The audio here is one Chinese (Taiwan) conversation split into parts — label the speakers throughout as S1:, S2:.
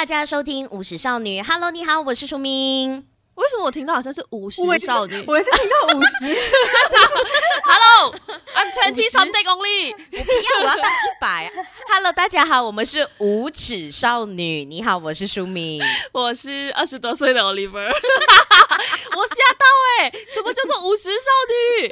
S1: 大家收聽五十少女，Hello，你好，我是書明。為什麼我聽到好像是五十少女？我要五十。Hello，I'm twenty something
S2: only。50? 我不要，我要到一
S1: 百。Hello，大家好，我們是五十少女。你好，我是書明，我是二十多歲的 Oliver。 我嚇到
S2: 哎、欸，什麼叫做五十少女？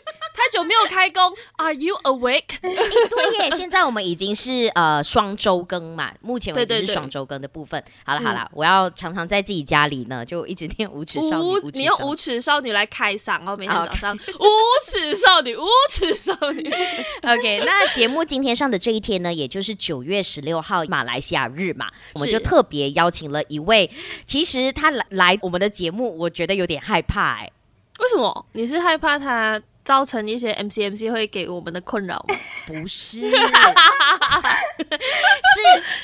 S2: 久沒有開工，Are you awake？、欸、
S1: 對耶，現在我們已經是呃雙周更嘛，目前為止是雙周更的部分。對對對好了好了，嗯、我要常常在自己家裡呢，就一直念無恥少女。無少女你用無
S2: 恥少女來開嗓，然後每天早上 Okay 無恥少女，無恥少女。OK， 那節
S1: 目今天上的這一天呢，也就是九月十六號馬來西亞日嘛，是我們就特別邀請了一位。其實他來來我們的節目，我覺得有點害怕哎、欸。
S2: 為什麼？你是害怕他？造成一些 M C M C 會給我們的困擾，
S1: 不是， 是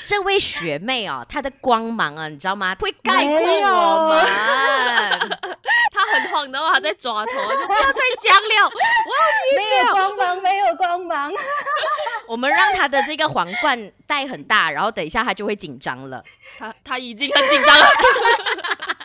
S1: 這位學妹啊、哦，她的光芒啊，你知道嗎？會蓋過我們。有
S2: 她很慌，然後還在抓頭，就不要再講了。我沒、沒有光芒，
S1: 沒有光芒。 我們讓她的這個皇冠戴很大，然後等一下她就會緊張了。
S2: 她她已經很緊張了。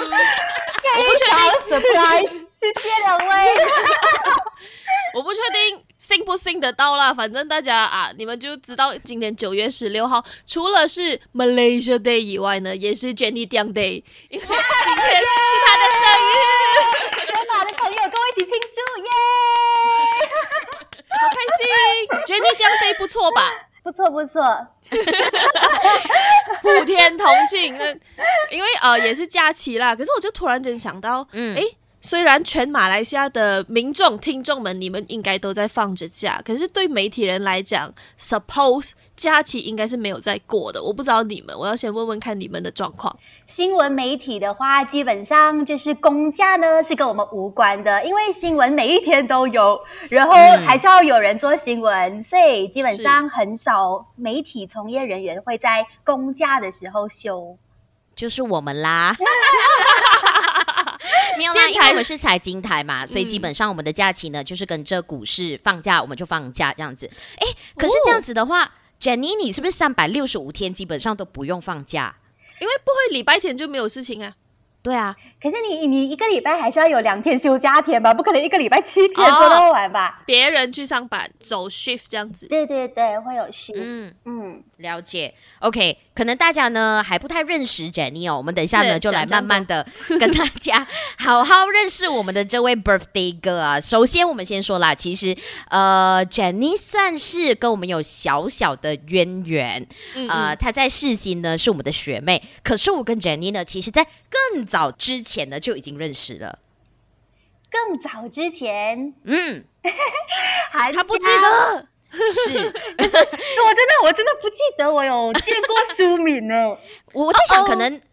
S1: 我不確定，謝
S2: 謝兩位。我不確定信不信得到啦，反正大家啊，你們就知道，今天九月十六號，除了是 Malaysia Day 以外呢，也是 Jenny Down Day，因為今天是她的生日，
S3: 全馬的朋友跟我一起慶祝耶，好開心 ，Jenny Down Day 不錯吧？
S2: 不錯不錯， 普天同慶。因為呃也是假期啦，可是我就突然間想到，嗯，誒，雖然全馬來西亞的民眾聽眾們，你們應該都在放着假，可是對媒體人來講，suppose 假期應該是沒有再過的。我不知道你們，我要先問問看你
S3: 們的狀況。新聞媒體的話，基本上就是公假呢是跟我們無關的，因為新聞每一天都有，然後還是要有人做新聞，嗯、所以基本上很少媒體從業人員會在公假的時候休，
S1: 就是我們啦。
S3: 沒有，因為我是
S1: 財經台嘛，嗯、所以基本上我們的假期呢，就是跟這股市放假，我們就放假這樣子。哎、欸，可是這樣子的話，哦，Jenny，你是不是三百六十五天基本上都不用放假？
S2: 因為不會禮拜天就沒有事情啊，
S3: 對啊。可是你你一個禮拜還是要有兩天休假天吧？不可能一個禮拜七天都玩
S2: 吧、哦？別人去上班走 shift 這樣子。
S1: 對對對，會有 shift。嗯嗯，嗯，了解。OK，可能大家呢還不太認識 Jenny 哦，我們等一下呢是就來慢慢的 跟大家好好認識我們的這位 birthday girl 啊。首先我們先說啦，其實呃 Jenny 算是跟我們有小小的淵源，嗯嗯呃她在世新呢是我們的學妹，可是我跟 Jenny 呢其實在更早之。之前呢，就已經認識了，
S3: 更早之前，嗯，還講他不記得，是 我真的，我真的不記得我有見過蘇敏呢，我在想可
S1: 能。哦哦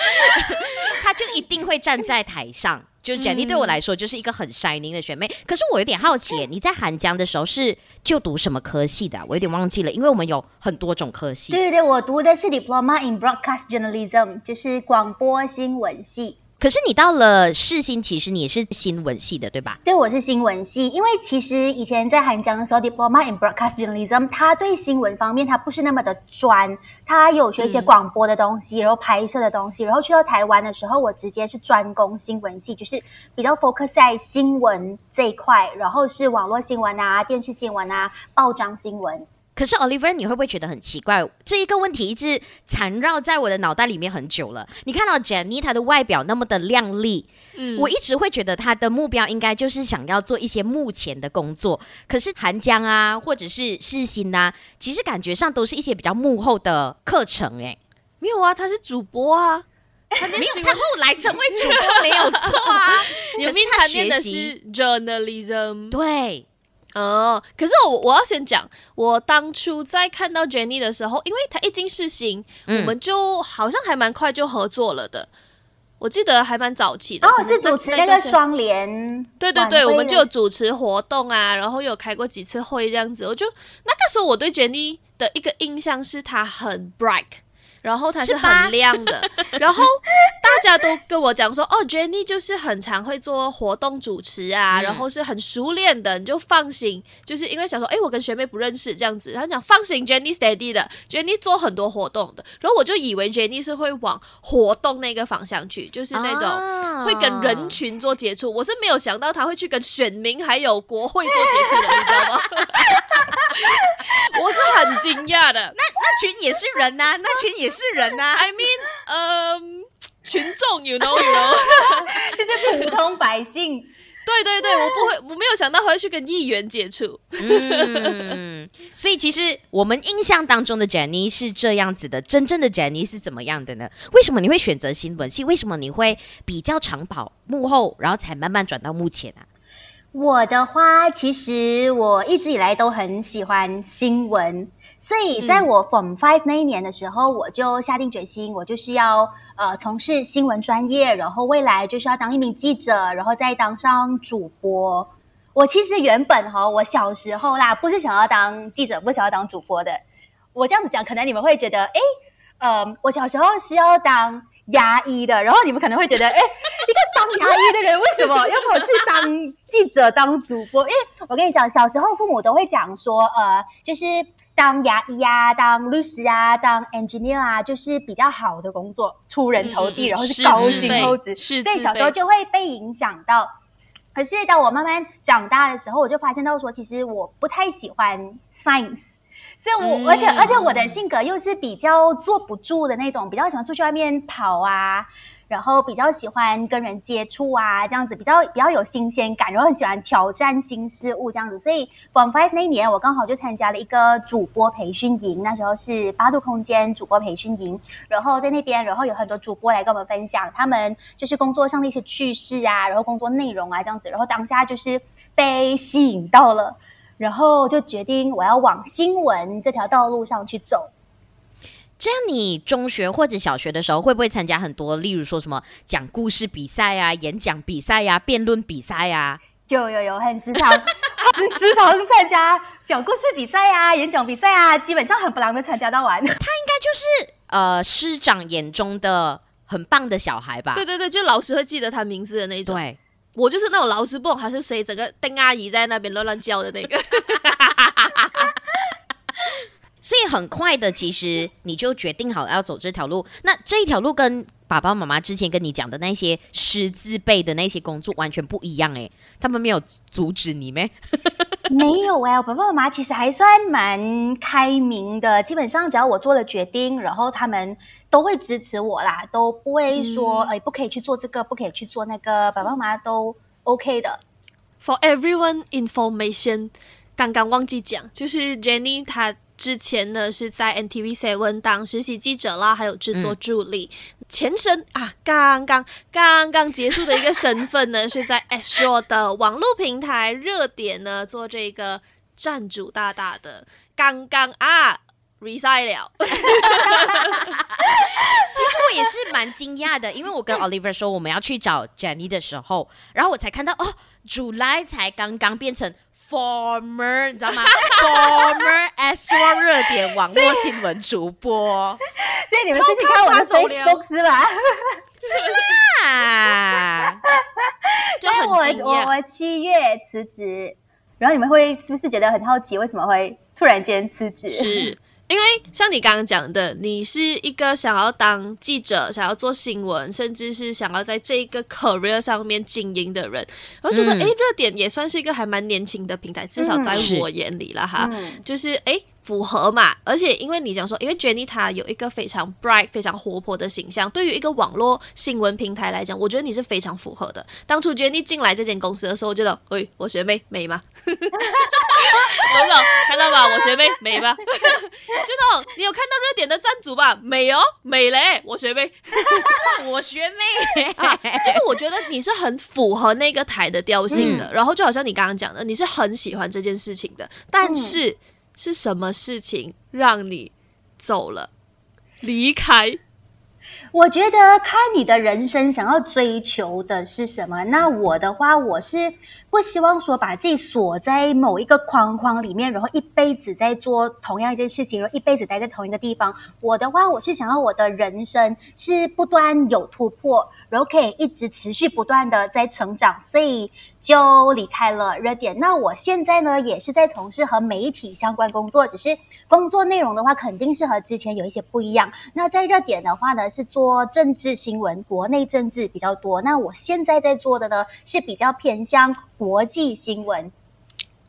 S1: 他就一定會站在台上。就 Jenny 對我來說，就是一個很 shining 的學妹。嗯。可是我有點好奇，你在韓江的時候是就讀什麼科系的啊？我有點忘記了，因為我們有很多種科系。對對
S3: 對，我讀的是 Diploma in Broadcast Journalism，就是廣播新聞系。
S1: 可是你到了世新，其實你也是新聞系的，對
S3: 吧？對，我是新聞系，因為其實以前在韓江的時候，Diploma in Broadcasting，他對新聞方面他不是那麼的專，他有學一些廣播的東西，然後拍攝的東西，嗯、然後去到台灣的時候，我直接是專攻新聞系，就是比較 focus 在新聞這一塊，然後是網絡新聞啊，電視新聞啊，報章新聞。
S1: 可是 Oliver，你會不會覺得很奇怪？這一個問題一直纏繞在我的腦袋裡面很久了。你看到 Jenny 她的外表那麼的靚麗，嗯，我一直會覺得她的目標應該就是想要做一些幕前的工作。可是韓江啊，或者是世新吶、啊，其實感覺上都是一些比較幕後的課程哎。
S2: 沒有啊，她是主播啊，
S1: 沒有她後來成為主播沒有錯啊。你跟她學習
S2: journalism 對。哦，可是我我要先講，我當初在看到 Jenny 的時候，因為她一進視行，嗯、我們就好像還蠻快就合作了的。我記得還蠻早期的。哦，是，那個、是主持那個雙
S3: 聯，對對對，我們就有
S2: 主持活動啊，然後有開過幾次會這樣子。我就那個時候我對 Jenny 的一個印象是她很 bright。然後他是很亮的，是吧 然後大家都跟我講說，哦，Jenny 就是很常會做活動主持啊，嗯、然後是很熟練的，你就放心，就是因為想說，哎，我跟學妹不認識這樣子，他講放心，Jenny steady 的，Jenny 做很多活動的，然後我就以為 Jenny 是會往活動那個方向去，就是那種會跟人群做接觸，啊、我是沒有想到他會去跟選民還有國會做接觸的，你知道嗎？我是很驚訝的，那那群也是人吶、啊，那群也。 是人吶，啊，I mean，嗯，um，群眾，you know，you know, you know? 就是普通百姓。對對對，Yeah. 我不會，我沒有想到會去跟議員接觸。 嗯，
S1: 所以其實我們印象當中的 Jenny 是這樣子的，真正的 Jenny 是怎麼樣的呢？為什麼你會選擇新聞系？為什麼你會比較長跑幕後，然後才慢慢轉到幕前啊？
S3: 我的話，其實我一直以來都很喜歡新聞。所以，在我 Form Five 那一年的時候，我就下定決心，我就是要呃從事新聞專業，然後未來就是要當一名記者，然後再當上主播。我其實原本哈，我小時候啦，不是想要當記者，不想要當主播的。我這樣子講，可能你們會覺得，誒，呃，我小時候是要當牙醫的，然後你們可能會覺得，誒，一個當牙醫的人，為什麼要跑去當記者、當主播？因為我跟你講，小時候父母都會講說，呃，就是。當牙醫呀，當律師啊，當 engineer 啊，就是比較好的工作，出人頭地，嗯、然後是高薪厚職，嗯、所以小時候就會被影響到。可是當我慢慢長大的時候，我就發現到說，其實我不太喜歡 science，所以我、嗯、而且而且我的性格又是比較坐不住的那種，比較喜歡出去外面跑啊。然後比較喜歡跟人接觸啊，這樣子比較比較有新鮮感，然後很喜歡挑戰新事物這樣子。所以廣 n 那一年，我剛好就參加了一個主播培訓營，那時候是八度空間主播培訓營。然後在那邊，然後有很多主播來跟我們分享他們就是工作上的一些趣事啊，然後工作內容啊這樣子。然後當下就是被吸引到了，然後就決定我要往新聞這條道路上去走。
S1: 這樣，你中學或者小學的時候會不會參加很多，例如說什麼講故事比賽啊、演講比賽呀、啊、辯論比賽呀？
S3: 就有有很時常，很時常參加講故事比賽呀、演講比賽啊，基本上很不難的參加到完。他應該就是
S1: 呃，師長眼中的很棒的小孩吧？對對
S2: 對，就老師會記得他名字的那種。對，我就是那種老師不懂他是誰，整個丁阿姨在那邊亂亂叫的那個。
S1: 所以很快的，其實你就決定好要走這條路。那這一條路跟爸爸媽媽之前跟你講的那些師字輩的那些工作完全不一樣哎、欸，他們沒有阻止你咩？
S3: 沒有哎、欸，我爸爸媽媽其實還算蠻開明的，基本上只要我做了決定，然後他們都會支持我啦，都不會說哎、嗯欸、不可以去做這個，不可以去做那個，爸爸媽媽都 OK 的。
S2: For everyone information，剛剛忘記講，就是 Jenny 她。之前呢是在 NTV Seven 當實習記者啦，還有製作助理，嗯、前身啊，剛剛剛剛結束的一個身份呢 是在 Astro 的網絡平台熱點呢，做這個站主大大的，剛剛啊 resigned，
S1: 其實我也是蠻驚訝的，因為我跟 Oliver 說，我們要去找 Jenny 的時候，然後我才看到哦，主來才剛剛變成。Former，你知道嗎 ？Former Astro 熱點網絡新聞主播，對 所以你們最近開我們總編公司了，有有 是啊！我我，我
S3: 七月辭職，然後你們會是不是覺得很好奇，為什麼會突然間辭職？是。
S2: 因為像你剛剛講的，你是一個想要當記者、想要做新聞，甚至是想要在這一個 career 上面經營的人，嗯、我覺得，哎，熱點也算是一個還蠻年輕的平台，嗯、至少在我眼裡了是哈，嗯、就是，哎。符合嘛？而且，因為你講說，因為 Jenny 她有一個非常 bright、非常活潑的形象，對於一個網絡新聞平台來講，我覺得你是非常符合的。當初 Jenny 進來這間公司的時候，我覺得，哎、欸，我學妹美嗎？杰 總，看到吧，我學妹美嗎？杰 總，你有看到熱點的贊助吧？美哦，美嘞，我學妹，是 我學妹 啊。就是我覺得你是很符合那個台的調性的，嗯、然後就好像你剛剛講的，你是很喜歡這件事情的，但是。嗯是什麼事情讓你走了？離開？
S3: 我覺得看你的人生想要追求的是什麼。那我的話，我是不希望說把自己鎖在某一個框框裡面，然後一輩子在做同樣一件事情，然後一輩子待在同一個地方。我的話，我是想要我的人生是不斷有突破。ROK、okay, 一直持續不斷地在成長，所以就離開了熱點。那我現在呢，也是在從事和媒體相關工作，只是工作內容的話，肯定是和之前有一些不一樣。那在熱點的話呢，是做政治新聞，國內政治比較多。那我現在在做的呢，是比較偏向國際新聞。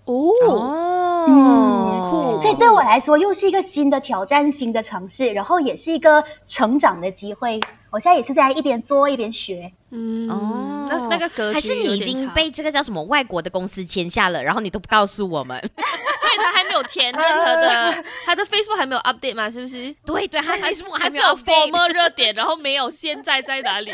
S3: 哦，嗯，酷。所以對我來說，又是一個新的挑戰，新的嘗試，然後也是一個成長的機會。我現在也是在一邊做一邊學，
S1: 嗯哦，那那個格局還是你已經被這個叫什麼外國的公司簽下了，然後你都不告訴我們，
S2: 所以他還沒有填任何的，他的 Facebook 還沒有 update 嘛，是不是？對對，他 Facebook 還只有 former 熱點，然後沒有現在在哪裡？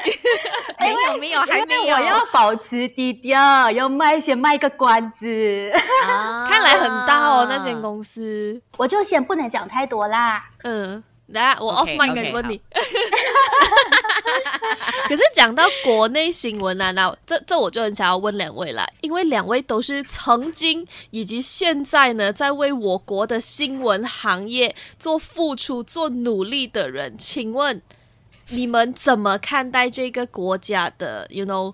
S2: 沒有沒有，沒有我要
S3: 保持低調，要賣先賣個關子。啊，看來很大哦，那間公司，我就先不能講太多啦。嗯。
S2: 來，我 off mic 跟你問你。Okay, okay, 可是講到國內新聞啦、啊，那這這我就很想要問兩位了，因為兩位都是曾經以及現在呢，在為我國的新聞行業做付出，做努力的人，請問你們怎麼看待這個國家的？You know。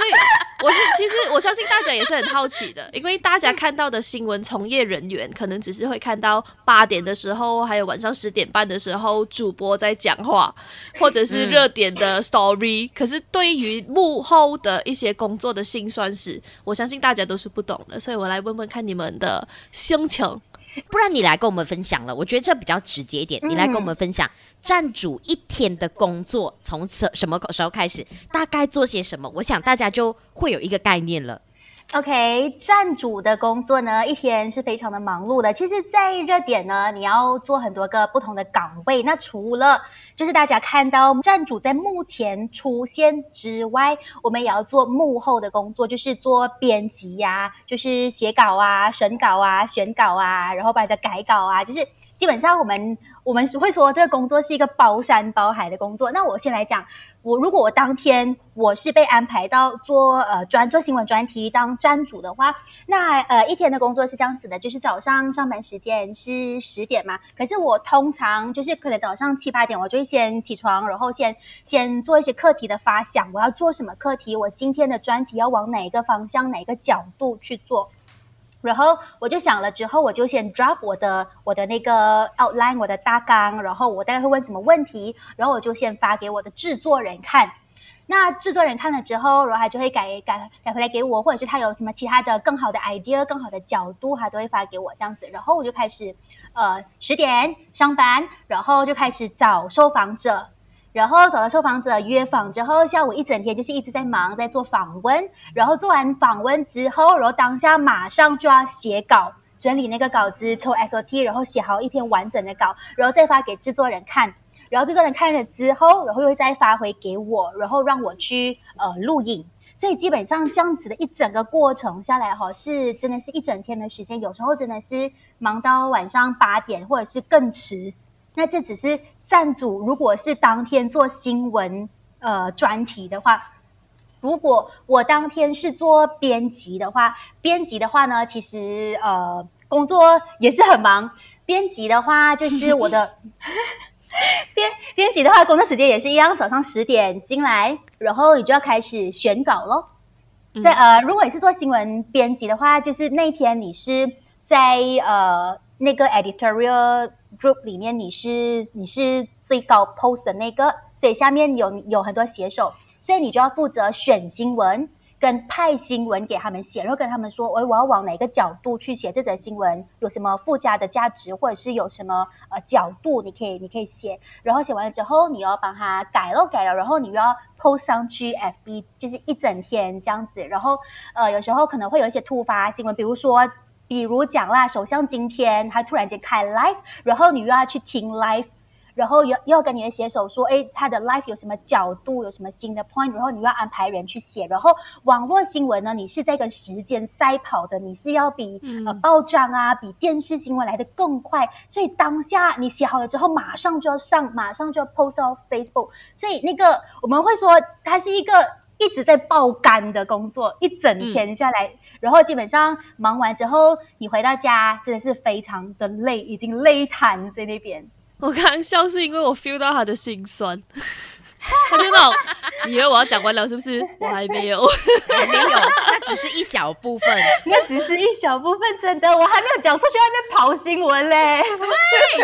S2: 所以，我是其實我相信大家也是很好奇的，因為大家看到的新聞從業人員，可能只是會看到八點的時候，還有晚上十點半的時候，主播在講話，或者是熱點的 story，嗯。可是對於幕後的一些工作的辛酸史，我相信大家都是不懂的。所以我來問問看你們的心情。
S1: 不然你來跟我們分享了，我覺得這比較直接一點。嗯，你來跟我們分享站主一天的工作，從什什麼時候開始，大概做些什麼，我想大家就會有一個概念了。
S3: OK，站主的工作呢，一天是非常的忙碌的。其實，在熱點呢，你要做很多個不同的崗位。那除了就是大家看到站主在幕前出現之外，我們也要做幕後的工作，就是做編輯呀，就是寫稿啊、審稿啊、選稿啊，然後把它改稿啊。就是基本上我們。我們是會說這個工作是一個包山包海的工作。那我先來講，我如果我當天我是被安排到做呃專做新聞專題當站主的話，那呃一天的工作是這樣子的，就是早上上班時間是十點嘛。可是我通常就是可能早上七八點，我就會先起床，然後先先做一些課題的發想，我要做什麼課題？我今天的專題要往哪一個方向、哪一個角度去做？然後我就想了，之後我就先 drop 我的我的那個 outline 我的大綱，然後我大概會問什麼問題，然後我就先發給我的製作人看。那製作人看了之後，然後他就會改改改回來給我，或者是他有什麼其他的更好的 idea、更好的角度，他都會發給我這樣子。然後我就開始，呃，十點上班，然後就開始找受訪者。然後找到受訪者約訪之後，下午一整天就是一直在忙，在做訪問。然後做完訪問之後，然後當下馬上就要寫稿，整理那個稿子，抽 SOT，然後寫好一篇完整的稿，然後再發給製作人看。然後製作人看了之後，然後又再發回給我，然後讓我去呃錄影。所以基本上這樣子的一整個過程下來，哦，哈，是真的是一整天的時間，有時候真的是忙到晚上八點或者是更遲。那這只是。站主，如果是當天做新聞呃專題的話，如果我當天是做編輯的話，編輯的話呢，其實呃工作也是很忙。編輯的話就是我的 編編輯的話，工作時間也是一樣，早上十點進來，然後你就要開始選稿嘍。在、嗯、呃，如果你是做新聞編輯的話，就是那天你是在呃那個 editorial。group 裡面你是你是最高 post 的那個，所以下面有有很多寫手，所以你就要負責選新聞跟派新聞給他們寫，然後跟他們說，哎，我要往哪個角度去寫這則新聞，有什麼附加的價值，或者是有什麼呃角度你可以你可以寫，然後寫完了之後你要幫他改了改了，然後你又要 post 上去 FB，就是一整天這樣子，然後呃有時候可能會有一些突發新聞，比如說。比如講啦，首相今天他突然間開 live，然後你又要去聽 live，然後又又要跟你的寫手說，哎、欸，他的 live 有什麼角度，有什麼新的 point，然後你又要安排人去寫，然後網絡新聞呢，你是在跟時間賽跑的，你是要比、嗯、呃報章啊，比電視新聞來得更快，所以當下你寫好了之後，馬上就要上，馬上就要 post off Facebook，所以那個我們會說，它是一個一直在爆肝的工作，一整天下來。嗯。然後基本上忙完之後，你回到家真的是非常的累，已經累癱在那邊。我剛剛笑是因為我 feel 到他的心
S2: 酸。 他就那種以為我要講完了，是不是？ 我還沒有， 還
S3: 沒有，那
S1: 只是一小部分，
S3: 那只是一小部分，真的，我還沒有講出去外面
S1: 跑新聞嘞。對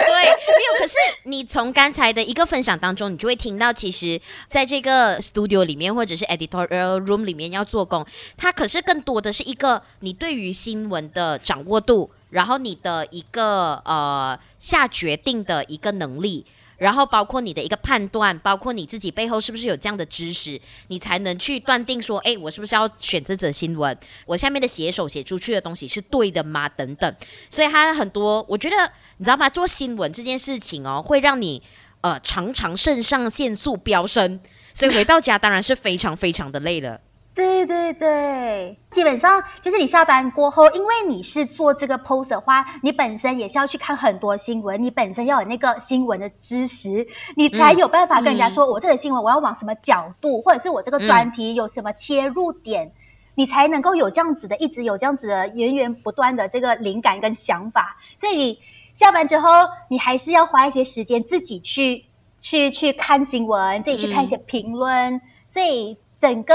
S1: 對，沒有。可是你從剛才的一個分享當中，你就會聽到，其實在這個 studio 裡面或者是 editorial room 裡面要做工，它可是更多的是一個你對於新聞的掌握度，然後你的一個呃下決定的一個能力。然後包括你的一個判斷，包括你自己背後是不是有這樣的知識，你才能去斷定說，哎、欸，我是不是要選擇這新聞？我下面的寫手寫出去的東西是對的嗎？等等。所以他很多，我覺得你知道吧？做新聞這件事情哦，會讓你呃常常腎上腺素飆升，所以回到家當然是非常非常的累了。
S3: 對對對，基本上就是你下班過後，因為你是做這個 post 的話，你本身也是要去看很多新聞，你本身要有那個新聞的知識，你才有辦法跟人家說，嗯嗯、我這個新聞我要往什麼角度，或者是我這個專題有什麼切入點，嗯、你才能夠有這樣子的，一直有這樣子的源源不斷的這個靈感跟想法。所以你下班之後，你還是要花一些時間自己去去去看新聞，自己去看一些評論，嗯、所以整個，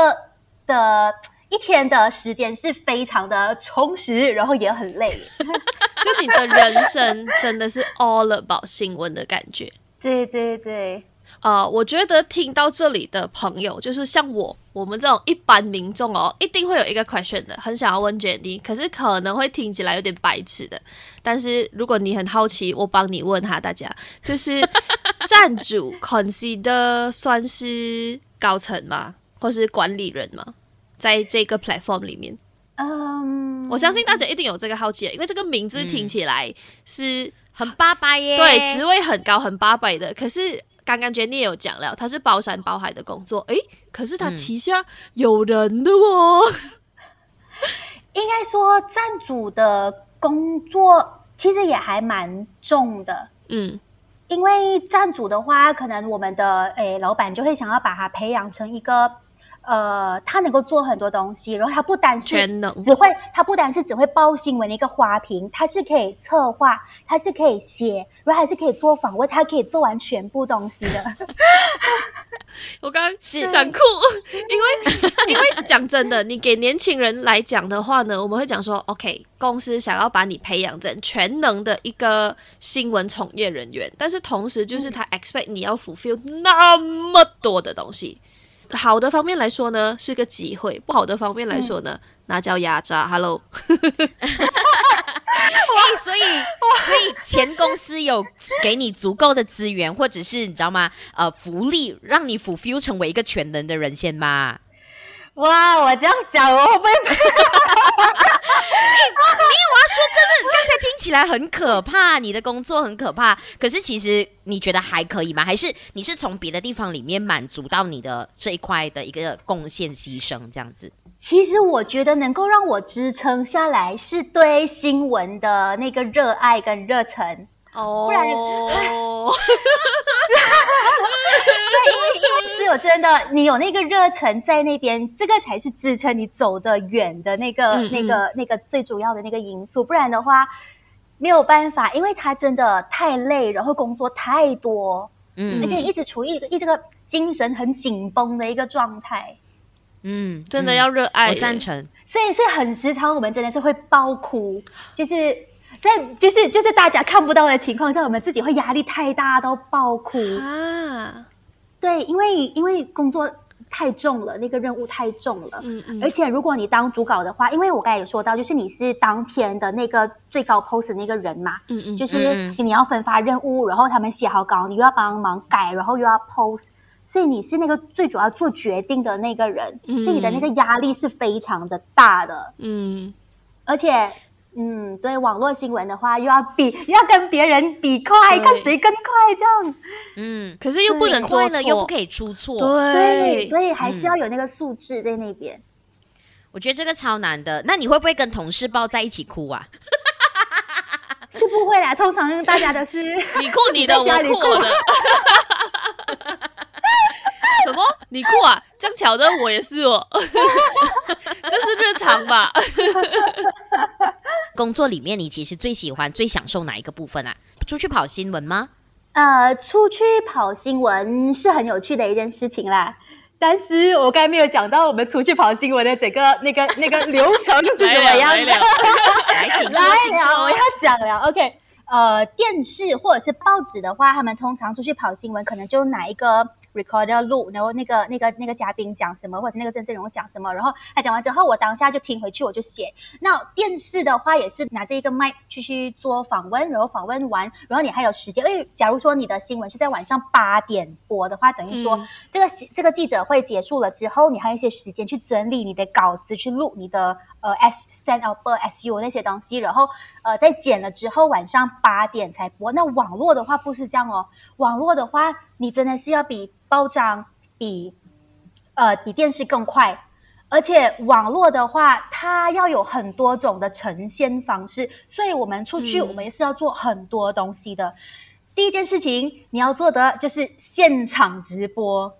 S3: 的一天的時間是非常的充實，然後也很累。 就你的人生真
S2: 的是 all about 新聞的感覺。
S3: 對對對，
S2: 啊、呃，我覺得聽到這裡的朋友，就是像我我們這種一般民眾哦，一定會有一個 question 的，很想要問 Jenny，可是可能會聽起來有點白痴的。但是如果你很好奇，我幫你問他，大家就是站住 ，consider 算是高層嗎，或是管理人嗎？在這個 platform 裡面，嗯，um, 我相信大家一定有這個好奇的，因為這個名字聽起來是很八百耶，嗯、對，職位很高，很八百的。嗯、可是剛剛 Jenny 也有講了，他是包山包海的工作，誒、欸，可是他旗下有人的哦。嗯、
S3: 應該說站主的工作其實也還蠻重的，
S2: 嗯，
S3: 因為站主的話，可能我們的誒、欸、老闆就會想要把他培養成一個。呃，他能夠做很多東西，然後他不單是全能，只會他不單是只會報新聞的一個花瓶，他是可以策劃，他是可以寫，然後還是可以做訪問，他可以做完全部東西的。
S2: 我剛剛想哭，對 因為因為講真的， 你給年輕人來講的話呢，我們會講說，OK，公司想要把你培養成全能的一個新聞從業人員，但是同時就是他 expect 你要 fulfill 那麼多的東西。好的方面來說呢，是個機會；不好的方面來說
S1: 呢，嗯、那叫壓榨。哈嘍、 欸，所以所以前公司有給你足夠的資源， 或者是你知道嗎？呃，福利讓你 fulfill 成為一個全能的人先嗎？哇，我這樣講我會不會，因為我要說真的，剛才聽起來很可怕，你的工作很可怕。可是其實你覺得還可以嗎？還是你是從別的地方裡面滿足到你的這一塊的一個貢獻、犧牲，這樣子？
S3: 其實我覺得能夠讓我支撐下來，是對新聞的那個熱愛跟熱忱。哦，oh. 不然，哈哈哈哈哈哈！因為因為只有真的，你有那個熱忱在那邊，這個才是支撐你走得遠的那個、嗯、那個、嗯、那個最主要的那個因素。不然的話，沒有辦法，因為他真的太累，然後工作太多，嗯，而且一直處於一個這個精神很緊繃的一個狀態。
S2: 嗯，真的要熱愛、嗯，我贊成。
S3: 所以是很時常我們真的是會爆哭，就是。在就是就是大家看不到的情況下，我們自己會壓力太大到爆哭啊！哈對，因為因為工作太重了，那個任務太重了。嗯嗯。嗯而且如果你當主稿的話，因為我剛才也說到，就是你是當天的那個最高 post 的那個人嘛。嗯嗯。嗯就是你要分發任務，嗯、然後他們寫好稿，你又要幫忙改，然後又要 post，所以你是那個最主要做決定的那個人。嗯、所以你的那個壓力是非常的大的。嗯。而且。嗯，對，網絡新聞的話，又要比，又要跟別人比快，對看誰更快這樣。嗯，可是又不能做錯，又不可以出錯，對，所以還是要有那個素質在那邊，嗯。
S1: 我覺得這個超難的。那你會不會跟同事抱在一起哭啊？
S3: 是不會啦，通常大家都是 你哭你的， 你哭我哭我的。
S2: 什麼？你哭啊？正 巧的，我也是哦。 這
S3: 是日常吧。
S1: 工作裡面，你其實最喜歡、最享受哪一個部分啊？出去跑新聞嗎？
S3: 呃，出去跑新聞是很有趣的一件事情啦。但是我剛才沒有講到，我們出去跑新聞的整個那個、那個、那個流程是怎麼樣的。來，請坐，請坐，我要講了。OK，呃，電視或者是報紙的話，他們通常出去跑新聞，可能就哪一個？Recorder 錄，然後那個那個那個嘉賓講什麼，或者那個鄭振榮講什麼，然後他講完之後，我當下就聽回去，我就寫。那電視的話也是拿着一個麥去,去做訪問，然後訪問完，然後你還有時間。因為假如說你的新聞是在晚上八點播的話，等於說這個、嗯、這個記者會結束了之後，你還有一些時間去整理你的稿子，去錄你的。呃，Stand-up、uh,，播、uh, SU 那些東西，然後呃，uh, 在剪了之後，晚上八點才播。那網絡的話不是這樣哦，網絡的話，你真的是要比包裝比呃、uh, 比電視更快，而且網絡的話，它要有很多種的呈現方式。所以我們出去，我們也是要做很多東西的。嗯、第一件事情，你要做的就是現場直播。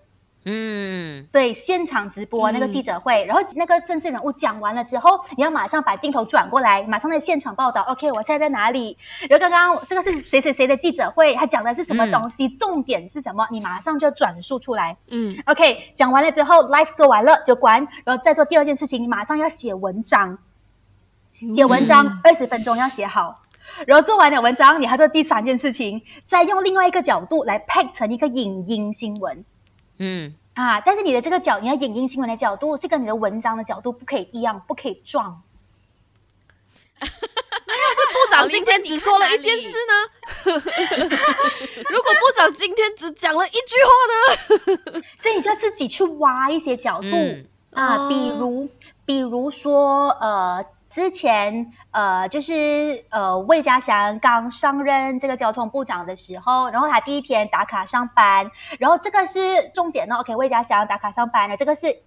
S3: 嗯，對，現場直播那個記者會，嗯、然後那個政治人物講完了之後，你要馬上把鏡頭轉過來，馬上在現場報道。OK，我現在在哪裡？然後剛剛這個是誰誰誰的記者會，他講的是什麼東西？嗯、重點是什麼？你馬上就要轉述出來。嗯，OK，講完了之後，live 做完了就關，然後再做第二件事情，你馬上要寫文章，寫文章二十、嗯、分鐘要寫好，然後做完了文章，你還做第三件事情，再用另外一個角度來 pack 成一個影音新聞。嗯啊，但是你的這個角，你要影音新聞的角度，這跟、個、你的文章的角度不可以一樣，不可以撞。 那要是部長今天只說了一件事呢？
S2: 如果部長今天只講了一句話呢？
S3: 所以你就要自己去挖一些角度、嗯、啊，比如，哦、比如說，呃。之前呃，就是呃，魏家祥剛上任這個交通部長的時候，然後他第一天打卡上班，然後這個是重點哦。OK，魏家祥打卡上班了，這個是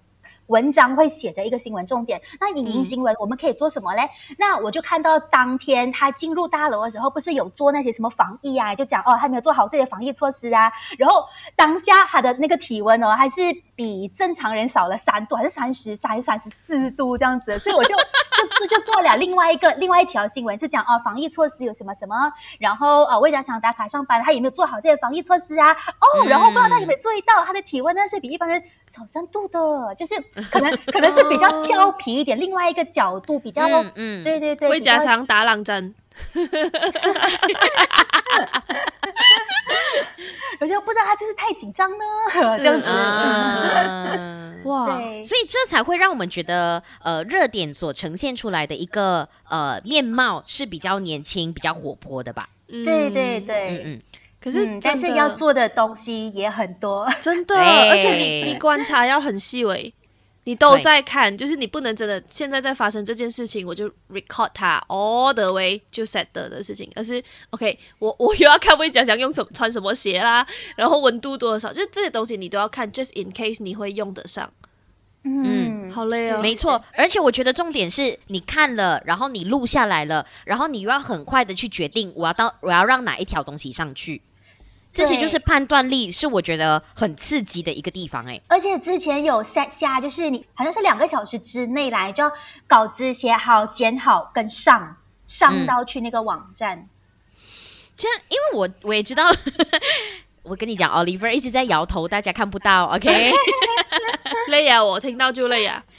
S3: 文章會寫的一個新聞重點。那影音新聞我們可以做什麼嘞？嗯、那我就看到當天他進入大樓的時候，不是有做那些什麼防疫啊，就講哦，還沒有做好這些防疫措施啊。然後當下他的那個體溫哦，還是比正常人少了三度，還是三十三、三十四度這樣子，所以我就。 這 就做了另外一個，另外一條新聞，是講啊、哦，防疫措施有什麼什麼，然後啊，魏家祥打卡上班，他有沒有做好這些防疫措施啊？哦，嗯、然後不知道他有沒有注意到，他的體溫呢，是比一般人少三度的，就是可能可能，是比較俏皮一
S2: 點。哦、另外一個角度比較、哦嗯，嗯，對
S3: 對對，魏家祥
S2: 打冷針。
S3: 我就不知道他就是太緊張呢，嗯、這樣子，嗯嗯、 哇，對
S1: 所以這才會讓我們覺得，呃，熱點所呈現出來的一個呃面貌，是比較年輕、比較活潑的吧？嗯、對對對，
S3: 嗯嗯，嗯可是真、嗯、但是要做的東西也很多，
S2: 真的，對而且你你觀察要很細微。你都在看，對就是你不能真的現在在發生這件事情，我就 record 它 all the way to settle 的事情，而是 OK，我我又要看薇嘉想用什麼穿什麼鞋啦、啊，然後溫度多少，就是這些東西你都要看，just in case 你會用得上。嗯，好累哦、嗯，沒
S1: 錯，而且我覺得重點是你看了，然後你錄下來了，然後你又要很快的去決定我要到我要讓哪一條東西上去。這些就是判斷力，對是我覺得很刺激的一個地方哎、
S3: 欸。而且之前有三下，就是你好像是兩個小時之內來就要稿子寫好、剪好，跟上上到去那個網站。嗯、這因為我我也知道，
S1: 我跟你講，Oliver 一直在搖頭，大家看不到，OK？ 累呀、啊，我聽到就累呀、啊。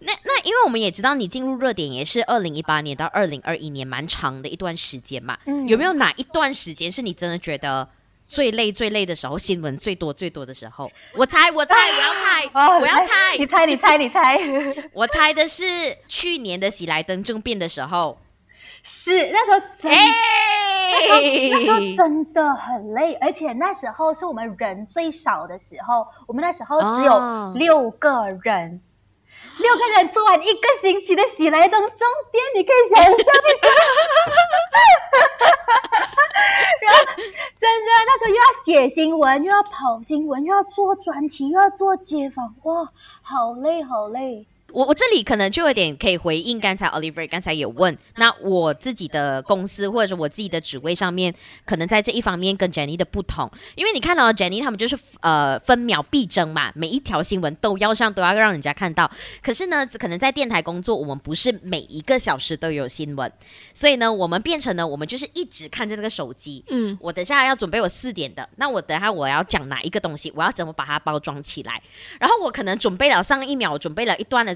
S1: 那那因為我們也知道，你進入熱點也是二零一八年到二零二一年，蠻長的一段時間嘛。嗯、有沒有哪一段時間是你真的覺得？最累最累的時候，新聞最多最多的時候，我猜我猜，我，猜、啊、我要猜，啊、我要猜，你、哦、猜你猜你猜，我猜的是去年的喜來登政變的時候，
S3: 是那時候真、欸、那，那時候真的很累，而且那時候是我們人最少的時候，我們那時候只有六個人，哦、六個人做完一個星期的喜來登政變，中間你可以想象一下。 然後，真的那時候又要寫新聞，又要跑新聞，又要做專題，又要做街訪，哇，好累，好累。
S1: 我我這裡可能就有點可以回應剛才 Oliver 剛才有問，那我自己的公司或者是我自己的職位上面，可能在這一方面跟 Jenny 的不同，因為你看到、哦、Jenny 他們就是呃分秒必爭嘛，每一條新聞都要上，都要讓人家看到。可是呢，只可能在電台工作，我們不是每一個小時都有新聞，所以呢，我們變成呢，我們就是一直看着這個手機。嗯，我等下要準備我四點的，那我等下我要講哪一個東西，我要怎麼把它包裝起來？然後我可能準備了上一秒準備了一段的。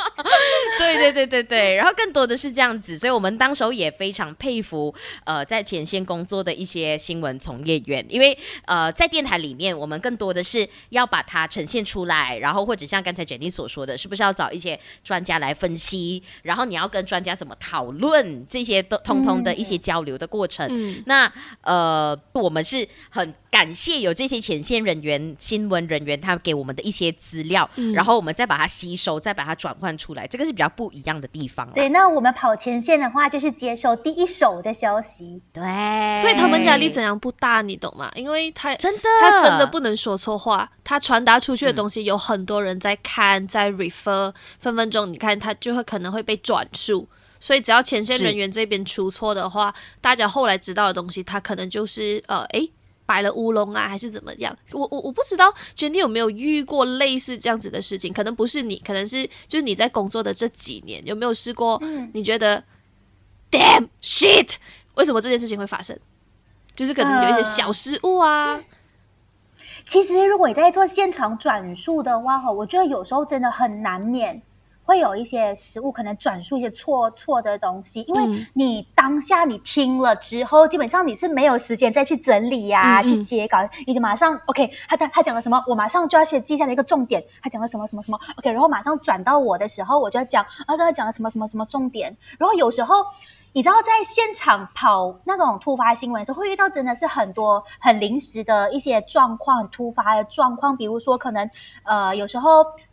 S1: 對，對對對對對， 然後更多的是這樣子，所以我們當時候也非常佩服呃，在前線工作的一些新聞從業員，因為呃，在電台裡面，我們更多的是要把它呈現出來，然後或者像剛才簡 e 所說的，是不是要找一些專家來分析，然後你要跟專家怎麼討論這些都通通的一些交流的過程。嗯、那呃，我們是很。感謝有這些前線人員、新聞人員，他給我們的一些資料，嗯、然後我們再把它吸收，再把它轉換出來，這個是比較不一樣的地方。
S3: 對，那我們跑前線的話，就是接收第一手的消息。對，所以他們壓力怎樣
S1: 不大，你懂嗎？
S3: 因為他
S2: 真的，他真的不能說錯話，他傳達出去的東西有很多人在看，嗯、在 refer，分分鐘你看他就會可能會被轉述，所以只要前線人員這邊出錯的話，是大家後來知道的東西，他可能就是呃，哎。擺了烏龍啊，還是怎麼樣？我我我不知道，覺得你有沒有遇過類似這樣子的事情？可能不是你，可能是就是你在工作的這幾年有沒有試過？你覺得、嗯、，damn shit，為什麼這
S3: 件事情會發生？就是可能有一些小失誤啊、嗯。其實如果你在做現場轉述的話，哈，我覺得有時候真的很難免。會有一些失誤，可能轉述一些錯錯的東西，因為你當下你聽了之後，嗯、基本上你是沒有時間再去整理呀，啊，嗯嗯，去寫稿，你就馬上 OK 他，他他他講了什麼，我馬上就要寫記下來一個重點。他講了什麼什麼什麼 OK，然後馬上轉到我的時候，我就要講啊，他講了什麼什麼什麼重點。然後有時候你知道，在現場跑那種突發新聞的時候，會遇到真的是很多很臨時的一些狀況，很突發的狀況，比如說可能呃，有時候。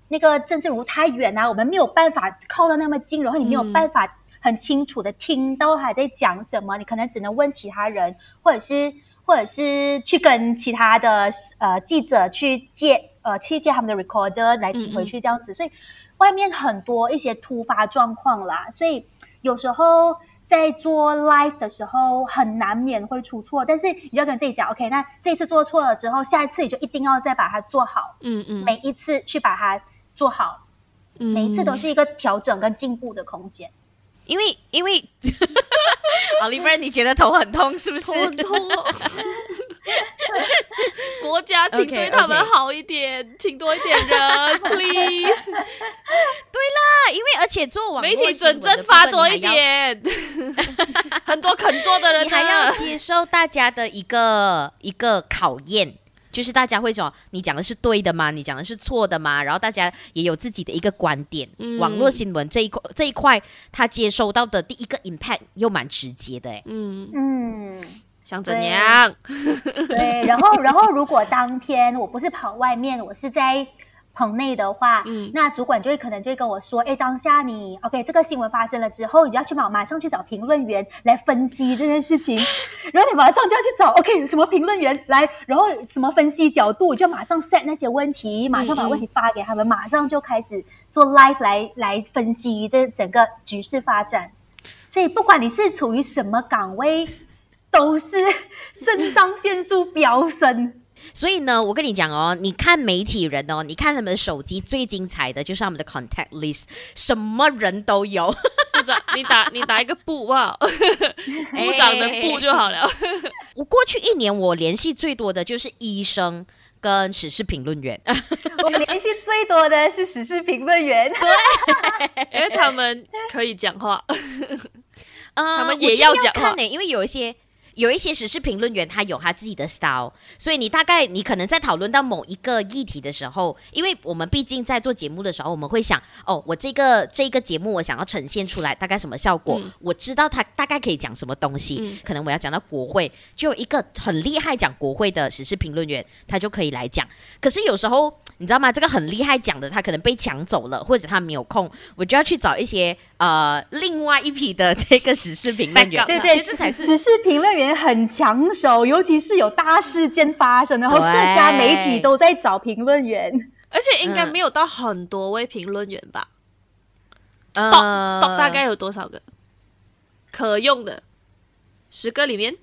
S3: 那個政治如太遠啦、啊，我們沒有辦法靠得那麼近，然後你沒有辦法很清楚的聽到他還在講什麼，嗯、你可能只能問其他人，或者是或者是去跟其他的呃記者去借呃去借他們的 recorder 來回去這樣子，嗯嗯，所以外面很多一些突發狀況啦，所以有時候在做 live 的時候很難免會出錯，但是你就要跟自己講 OK，那這次做錯了之後，下一次你就一定要再把它做好，嗯嗯，每一次去把它。做好，每一次都是一個調整跟進步的空間。因為
S1: 因為，李夫人你覺得頭很痛是不是？頭很痛。
S2: 國家請對他們好一點，請多一點人，please。
S1: 對了，因為而且做網媒體准證
S3: 發多一點，
S1: 很多肯做的人，你還要接受大家的一個一個考驗。就是大家會說你講的是對的嗎？你講的是錯的嗎？然後大家也有自己的一個觀點。嗯、網絡新聞這一塊，這一塊他接收到的第一個 impact 又蠻直接的。嗯
S3: 嗯，
S1: 想怎樣？
S3: 對，對，然後然後如果當天我不是跑外面， 我是在。棚內的話，嗯，那主管就會可能就會跟我說：“誒、欸，當下你，OK，這個新聞發生了之後，你就要去馬馬上去找評論員來分析這件事情，嗯、然後你馬上就要去找 OK 什麼評論員來，然後什麼分析角度，就馬上 set 那些問題，馬上把問題發給他們，嗯、馬上就開始做 live 來來分析這整個局勢發展。所以不管你是處於什麼崗位，都是腎上腺素飆升。嗯”
S1: 所以呢，我跟你講哦，你看媒體人哦，你看他們的手機最精彩的就是他們的 contact list，什麼人都有。 部
S2: 長你打你打一個部啊，
S3: 部長的部就好了。
S1: 我過去一年我聯繫最多的就是醫生跟時事評論員。
S3: 我們聯繫最多的是
S1: 時事評論
S2: 員， 對，因為他們可以講話。 嗯、他們也要講話要看，
S1: 因為有一些。有一些時事評論員，他有他自己的 style，所以你大概你可能在討論到某一個議題的時候，因為我們畢竟在做節目的時候，我們會想，哦，我這個這個節目我想要呈現出來大概什麼效果，嗯、我知道他大概可以講什麼東西，嗯、可能我要講到國會，就有一個很厲害講國會的時事評論員，他就可以來講，可是有時候。你知道嗎？這個很厲害講，講的他可能被搶走了，或者他沒有空，我就要去找一些呃，另外一批的這個時事評論員。哎、對，對對，這才是時
S3: 事評論員很搶手，尤其是有大事件發生，然後各家媒體都在找評論員。
S2: 對嗯、而且應該沒有到很多位評論員吧
S3: ？Stop，Stop，、嗯、Stop 大概有多
S2: 少個、嗯、可用的
S1: 十個裡面？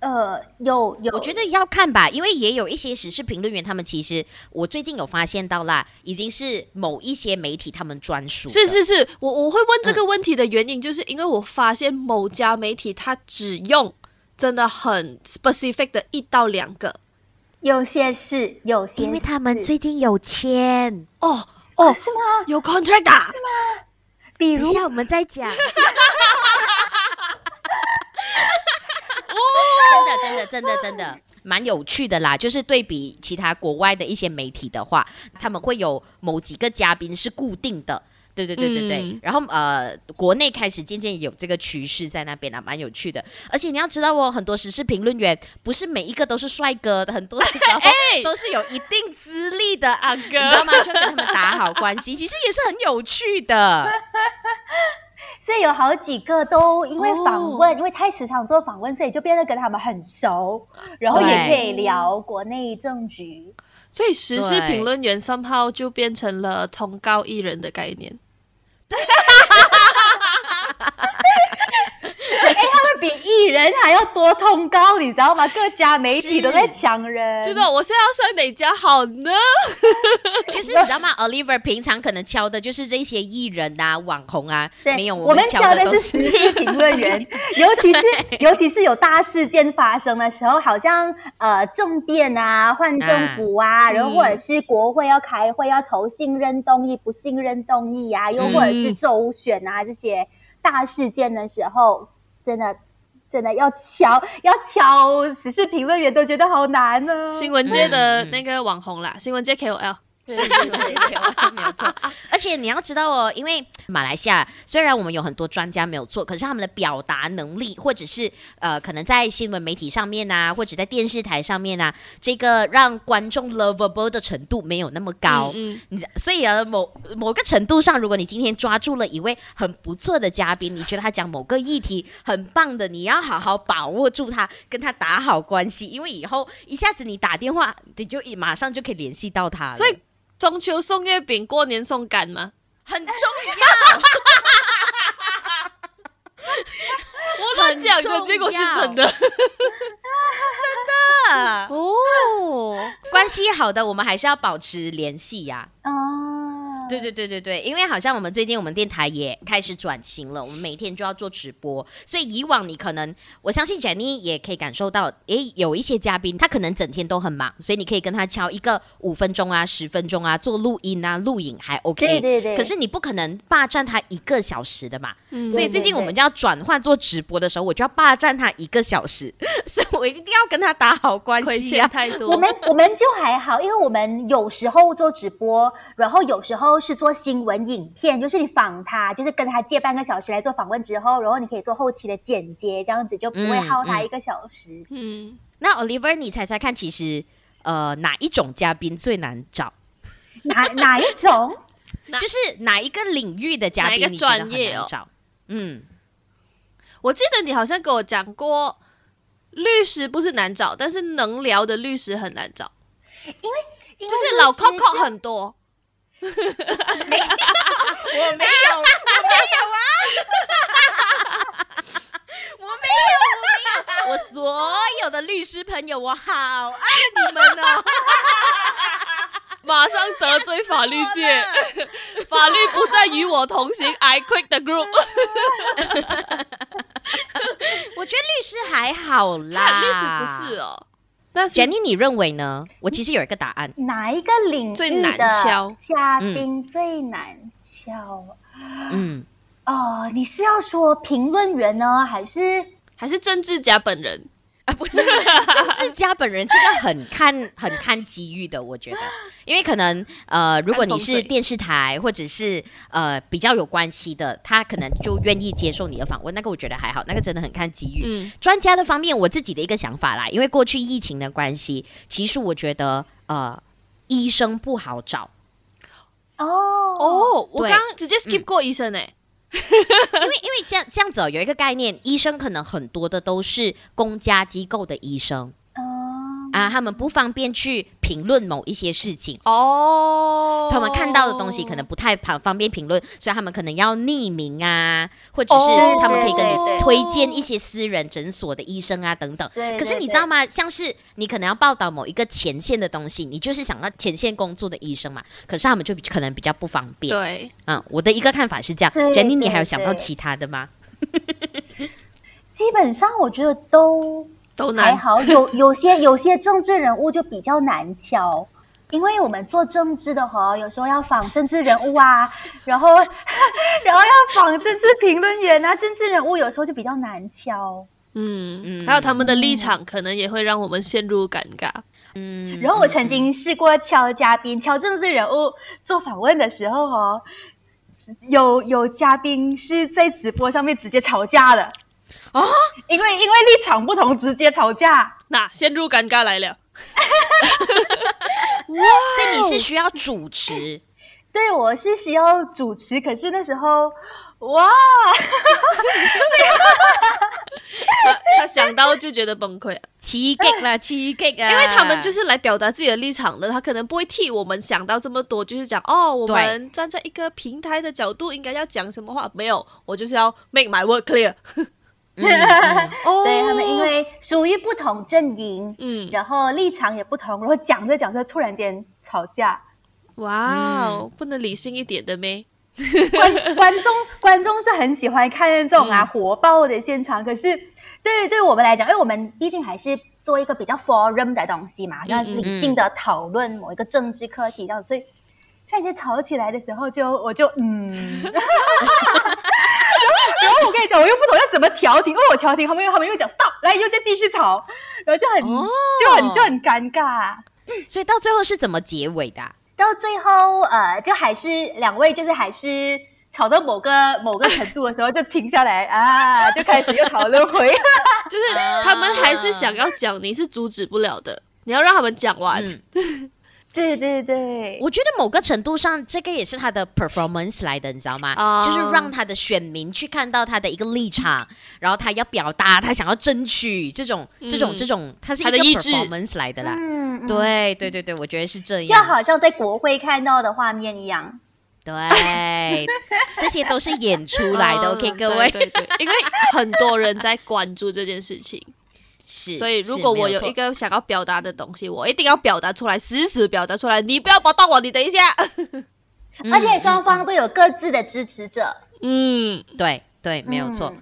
S1: 呃，有有，我覺得要看吧，因為也有一些時事評論員，他們其實我最近有發現到啦，已經是某一些媒體他們專屬。是是是，
S2: 我我會問這個問題的原因，就是因為我發現某家媒體他只用真的很 specific 的一到兩個，有
S1: 些是有些，因為他們最近有簽哦哦，哦是嗎？有 contract，啊，是嗎？比如，像我們在講。 真的真的真的真的，蠻有趣的啦。就是對比其他國外的一些媒體的話，他們會有某幾個嘉賓是固定的，對對對對對。嗯、然後呃，國內開始漸漸有這個趨勢在那邊啦，蠻有趣的。而且你要知道哦，很多時事評論員不是每一個都是帥哥的，很多的時候、 欸、都
S3: 是有一定資歷的阿哥， 你知道嗎？就跟他們打好關係，其實也是很有趣的。 所以有好幾個都因為訪問，oh. 因為太時常做訪問，所以就變得跟他們很熟，然後也可以聊國內政局，
S2: 所以時事評論員 somehow 就變成了通告藝人的概
S3: 念。對 哎、 欸，他們比藝人還要多通告，你知道嗎？各家媒體都在搶人。真的，我
S1: 現在要算哪家好呢？ 其實你知道嗎？Oliver 平常可能敲的就是這些藝人啊、網紅啊，對沒有我們敲的都是普通人。
S3: 是尤其是對尤其是有大事件發生的時候，好像呃政變啊、換政府啊，啊然後或者是國會要開會要投信任動議、不信任動議啊，又或者是州選啊、嗯、這些。大事件的時候，真的，真的要敲，要敲，時事評論員都覺得好難哦、啊。新聞界
S2: 的那個網紅啦，Yeah. 新聞界 KOL。是 沒錯， 而且你要
S1: 知道哦，因為馬來西亞雖然我們有很多專家沒有錯，可是他們的表達能力，或者是呃，可能在新聞媒體上面啊，或者在電視台上面啊，這個讓觀眾 loveable 的程度沒有那麼高。嗯，嗯你知，所以啊，某某個程度上，如果你今天抓住了一位很不錯的嘉賓，你覺得他講某個議題很棒的，你要好好把握住他，跟他打好關係，因為以後一下子你打電話，你就馬上就可以聯繫到他了。所以。中秋送月餅，過年送柑嗎？很重要。我亂講的，結果是真的，
S3: 是真的
S1: 哦。關係好的，我們還是要保持聯繫呀。哦、嗯。對對對對對，因為好像我們最近我們電台也開始轉型了，我們每天就要做直播，所以以往你可能，我相信 Jenny 也可以感受到，誒，有一些嘉賓他可能整天都很忙，所以你可以跟他敲一個五分鐘啊、十分鐘啊做錄音啊、錄影還 OK。對對對。可是你不可能霸占他一個小時的嘛，嗯、所以最近我們就要轉換做直播的時候，我就要霸占他一個小時，對對對 所以我一定要跟他打好關
S3: 係啊。我們我們就還好，因為我們有時候做直播，然後有時候。是做新聞影片，就是你訪他，就是跟他借半個小時來做訪問之後，然後你可以做後期的剪接，這樣子就不會耗他一個小時。
S1: 嗯、嗯、嗯，那 Oliver，你猜猜看，其實呃哪一種嘉賓最難找？
S3: 哪哪一種？ 就是哪
S1: 一個領域的嘉賓你真的很難找？哪一個專業哦、嗯，我記得你好像
S2: 跟我講過，律師不是難找，但是能聊的律師很難找，因為、因為是就是老 COCO 很多。
S1: 沒有，我沒有，我沒有啊！我沒有，我沒有 我所有的律師朋友，我好愛你們哦！ 馬上得罪法律界，法律
S2: 不再與我同行。 I quit the group。
S1: 我覺得律師還好啦，啊、律師不是哦。那傑尼，Jenny，你認為呢？我其實有一個答案。
S3: 哪一個領域最難敲嘉賓最難敲？嗯，嗯哦，你是要說評論員呢，還是
S2: 還是政治家本人？
S1: 不是，志佳本人是個很看、 很看機遇的，我覺得，因為可能呃，如果你是電視台或者是呃比較有關係的，他可能就願意接受你的訪問。那個我覺得還好，那個真的很看機遇。嗯、專家的方面，我自己的一個想法啦，因為過去疫情的關係，其實我覺得呃，醫生不好找。哦哦，我剛，剛、嗯、直接 skip 過醫生呢。 因為因為這樣這樣子哦，有一個概念，醫生可能很多的都是公家機構的醫生。啊，他們不方便去評論某一些事情哦。Oh、他們看到的東西可能不太方方便評論，所以他們可能要匿名啊，或者是他們可以跟你推薦一些私人診所的醫生啊等等。Oh、可是你知道嗎？對對對像是你可能要報道某一個前線的東西，你就是想要前線工作的醫生嘛。可是他們就可能比較不方便。對，嗯，我的一個看法是這樣。j e 你還有想到其他的嗎？
S3: 基本上，我覺得都。都難，還好 有有些有些政治人物就比較難敲，因為我們做政治的哈，有時候要訪政治人物啊， 然後 然後要訪政治評論員啊，政治人物有時候就比較難敲。嗯嗯，
S2: 嗯還有他們的立場可能也會讓我們陷入尷尬。嗯，然後
S3: 我曾經試過敲嘉賓、敲政治人物做訪問的時候哦，有有嘉賓是在直播上面直接吵架的。哦，因為因為立場不同，直接吵架，啊，
S2: 那陷入尷尬來了。
S3: 哇！所以你是需要主持，對，我是需要主持。可是那時候，哇！
S2: 他想到就覺得崩潰，奇技啊，奇技啊！因為他們就是來表達自己的立場的，他可能不會替我們想到這麼多，就是講哦，我們站在一個平台的角度，應該要講什麼話？對沒有，我就是要 make my word clear。
S3: 對他們，因為屬於不同陣營，嗯，然後立場也不同，然後講着講着突然間吵架，哇哦，嗯、
S2: 不能理性一點的咩？
S3: 觀觀眾觀眾是很喜歡看這種啊火爆、嗯、的現場，可是對對我們來講，因為我們畢竟還是做一個比較 forum 的東西嘛，要、嗯、理性的討論某一個政治課題，然後所以在你吵起來的時候，就我就嗯。嗯嗯嗯 然後我跟你講，我又不懂要怎麼調停，因為我調停，他們又他們又講 stop 來又在繼續吵，然後就很、oh. 就很就很尷尬。
S1: 所以到最後是怎麼結尾的、啊？
S3: 到最後呃，就還是兩位就是還是吵到某個某個程度的時候就停下來 啊，就開始又討論回，
S2: 就是他們還是想要講，你是阻止不了的，你要讓他們講完。嗯對對對，我
S1: 覺得某個程度上，這個也是他的 performance 來的，你知道嗎？Um, 就是讓他的選民去看到他的一個立場，然後他要表達，他想要爭取這種、嗯、這種、這種、這種，他是一個 performance 來的啦。的嗯，嗯
S3: 對對對
S1: 對，我覺得是這樣。要好
S3: 像在國會看到的畫面一樣。對，
S1: 這些都是演出來的 ，OK，各位。嗯、對、對對，因為很多人在關
S2: 注這件事情。
S1: 是所以，如果我有一個
S2: 想要表達的東西，我一定要表達出
S1: 來，實時表達出來。你不要打斷我，你等一下。 而且雙方都有各
S3: 自的支持者。
S1: 嗯，嗯，對對，嗯、沒有錯。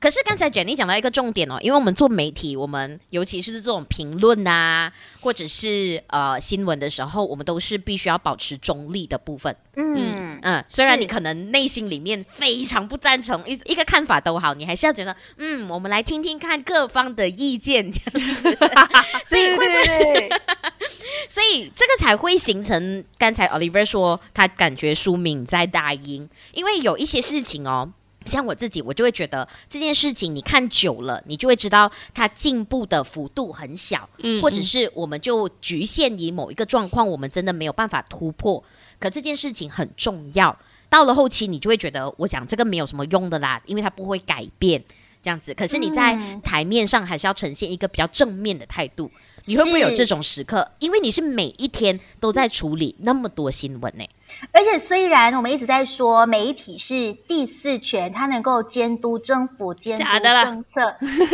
S1: 可是剛才 Jenny 講到一個重點哦，因為我們做媒體，我們尤其是這種評論啊，或者是呃新聞的時候，我們都是必須要保持中立的部分。嗯嗯,嗯，雖然你可能內心裡面非常不贊成一、嗯、一個看法都好，你還是要覺得，嗯，我們來聽聽看各方的意見這樣子。 所以會不會？對對
S3: 對
S1: 所以這個才會形成剛才 Oliver 說他感覺舒敏在大英，因為有一些事情哦。像我自己，我就會覺得這件事情，你看久了，你就會知道它進步的幅度很小，嗯，或者是我們就局限於某一個狀況，我們真的沒有辦法突破。可這件事情很重要，到了後期你就會覺得，我講這個沒有什麼用的啦，因為它不會改變，這樣子。可是你在台面上還是要呈現一個比較正面的態度。你會不會有這種時刻？是因為你是每一天都在處理那麼多新聞呢、欸。
S3: 而且雖然我們一直在說媒體是第四權，它能夠監督政府、監督政策，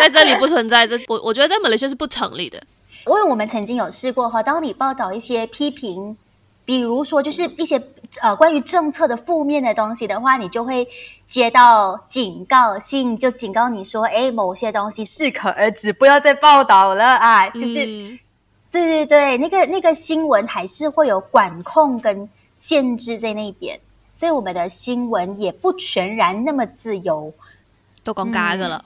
S3: 在這裡不
S2: 存在。 這我我覺得在馬來西亞是不成立的。
S3: 因為我們曾經有試過哈，當你報道一些批評，比如說就是一些呃關於政策的負面的東西的話，你就會。接到警告信，就警告你說：“哎，某些東西適可而止，不要再報道了啊！”就是，嗯、對對對，那個那個新聞還是會有管控跟限制在那邊，所以我們的新聞也不全然那麼自由。都講假的了，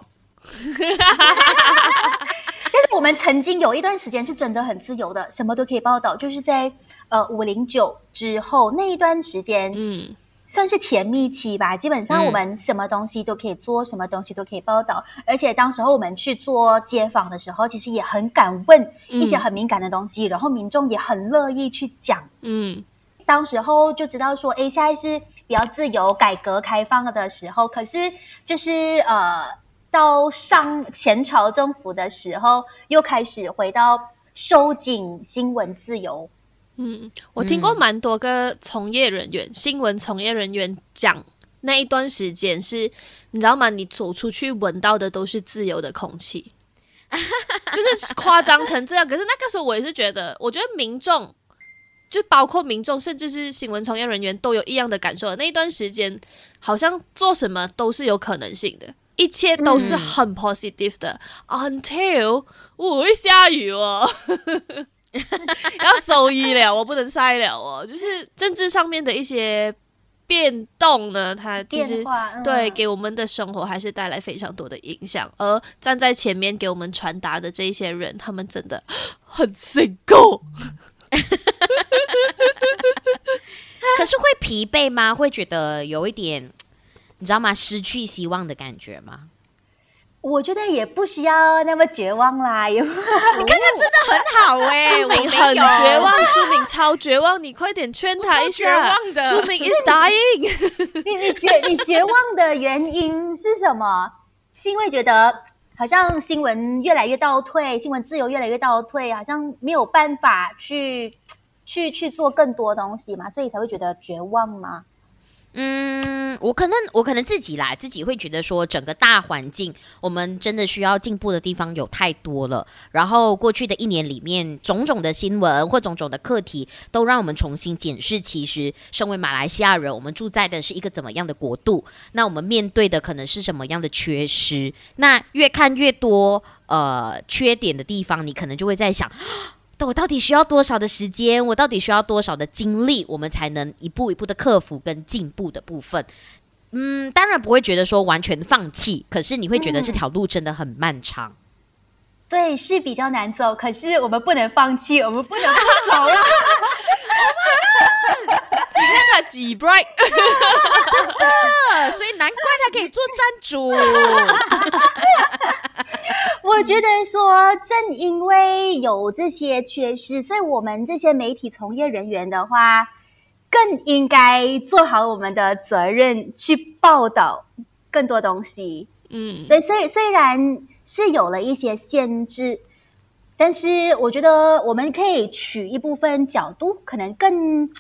S3: 但是我們曾經有一段時間是真的很自由的，什麼都可以報道，就是在呃五零九之後那一段時間，嗯。算是甜蜜期吧，基本上我們什麼東西都可以做，嗯、什麼東西都可以報道。而且當時候我們去做街訪的時候，其實也很敢問一些很敏感的東西，嗯、然後民眾也很樂意去講。嗯，當時候就知道說，哎，現在是比較自由，改革開放的時候。可是就是呃，到上前朝政府的時候，又開始回到收緊新聞自由。嗯，我聽過蠻多個從業人員，
S2: 嗯、新聞從業人員講那一段時間是，你知道嗎？你走出去聞到的都是自由的空氣， 就是誇張成這樣。可是那個時候，我也是覺得，我覺得民眾，就包括民眾，甚至是新聞從業人員，都有一樣的感受。那一段時間，好像做什麼都是有可能性的，一切都是很 positive 的，嗯，until、哦、我會下雨哦。 要收醫了， 我不能曬了哦。就是政治上面的一些變動呢，它其實化對給我們的生活還是帶來非常多的影響。化而站在前面給我們傳達的這一些人，他們真的很
S1: single。可是會疲憊嗎？會覺得有一點，你知道嗎？失去希望的感覺嗎？
S3: 我覺得也不需要那麼絕望啦，你看他真的很好誒，蘇明很絕望，蘇
S2: 明超絕望， 你快點勸他一下，蘇明 is dying，
S3: 你你絕你絕望的原因是什麼？是因為覺得好像新聞越來越倒退，新聞自由越來越倒退，好像沒有辦法去去去做更多東西嘛，所以才會覺得絕望嘛。
S1: 嗯，我可能我可能自己啦，自己會覺得說，整個大環境，我們真的需要進步的地方有太多了。然後過去的一年裡面，種種的新聞或種種的課題，都讓我們重新檢視，其實身為馬來西亞人，我們住在的是一個怎麼樣的國度？那我們面對的可能是什麼樣的缺失？那越看越多，呃，缺點的地方，你可能就會在想。但我到底需要多少的時間？我到底需要多少的精力？我們才能一步一步的克服跟進步的部分？嗯，當然不會覺得說完全放棄，可是你會覺得這條路真的很漫長。嗯、
S3: 對，是比較難走，可是我們不能放棄，我們不能好了、 oh 你看他幾 bright， 真的， 所以難怪他可以做站主。 我覺得說，正因為有這些缺失，所以我們這些媒體從業人員的話，更應該做好我們的責任，去報道更多東西。嗯，對，所以雖然是有了一些限制，但是我覺得我們可以取一部分角度，可能更。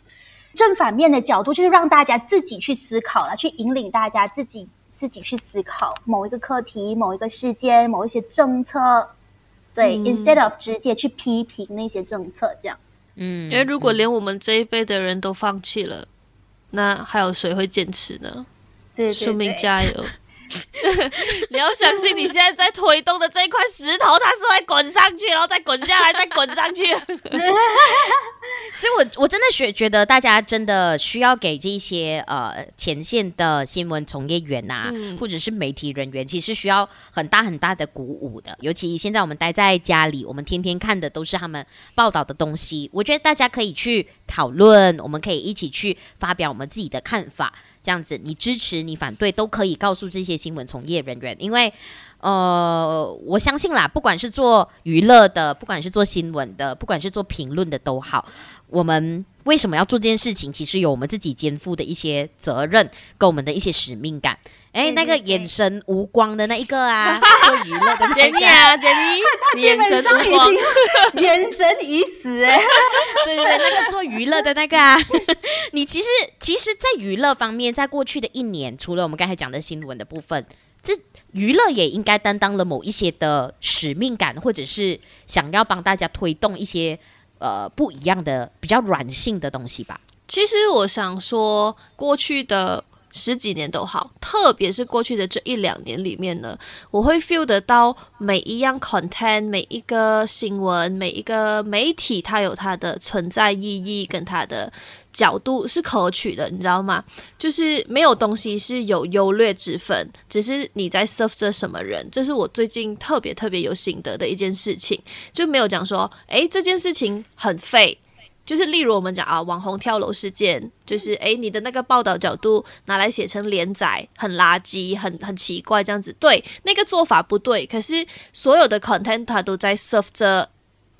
S3: 正反面的角度，就是讓大家自己去思考了，去引領大家自己自己去思考某一個課題、某一個事件、某一些政策。
S2: 對、嗯、，instead
S3: of 直接去批評那些政策，這樣。
S2: 嗯，因為如果連我們這一輩的人都放棄了，嗯、那還有誰會堅持呢？對，對，對，說明加油。 你要相信，你現在在推動的這一塊石頭，它是會滾上去，然後再滾下來， 再滾上去。
S1: 所以我，我我真的覺覺得，大家真的需要給這些呃前線的新聞從業員吶、啊，嗯、或者是媒體人員，其實需要很大很大的鼓舞的。尤其現在我們待在家裡，我們天天看的都是他們報道的東西。我覺得大家可以去討論，我們可以一起去發表我們自己的看法，這樣子，你支持、你反對都可以告訴這些新聞從業人員，因為。呃，我相信啦，不管是做娛樂的，不管是做新聞的，不管是做評論的都好，我們為什麼要做這件事情？其實有我們自己肩負的一些責任跟我們的一些使命感。哎、欸，對對對那個眼神無光的那一個啊，對對對做娛樂的你啊 Jenny 啊，Jenny， 你眼神無光，眼神已死。對對對，那個做娛樂的那個啊， 你其實其實，在娛樂方面，在過去的一年，除了我們剛才講的新聞的部分。這娛樂也應該擔當了某一些的使命感，或者是想要幫大家推動一些呃不一樣的比較軟性的東西吧。
S2: 其實我想說，過去的十幾年都好，特別是過去的這一兩年裡面呢，我會 feel 得到每一樣 content、每一個新聞、每一個媒體，它有它的存在意義跟它的。角度是可取的，你知道嗎？就是沒有東西是有優劣之分，只是你在 serve 著什麼人。這是我最近特別特別有心得的一件事情，就沒有講說，哎，這件事情很廢。就是例如我們講啊，網紅跳樓事件，就是哎，你的那個報道角度拿來寫成連載，很垃圾，很很奇怪這樣子。對，那個做法不對。可是所有的 content 它都在 serve 著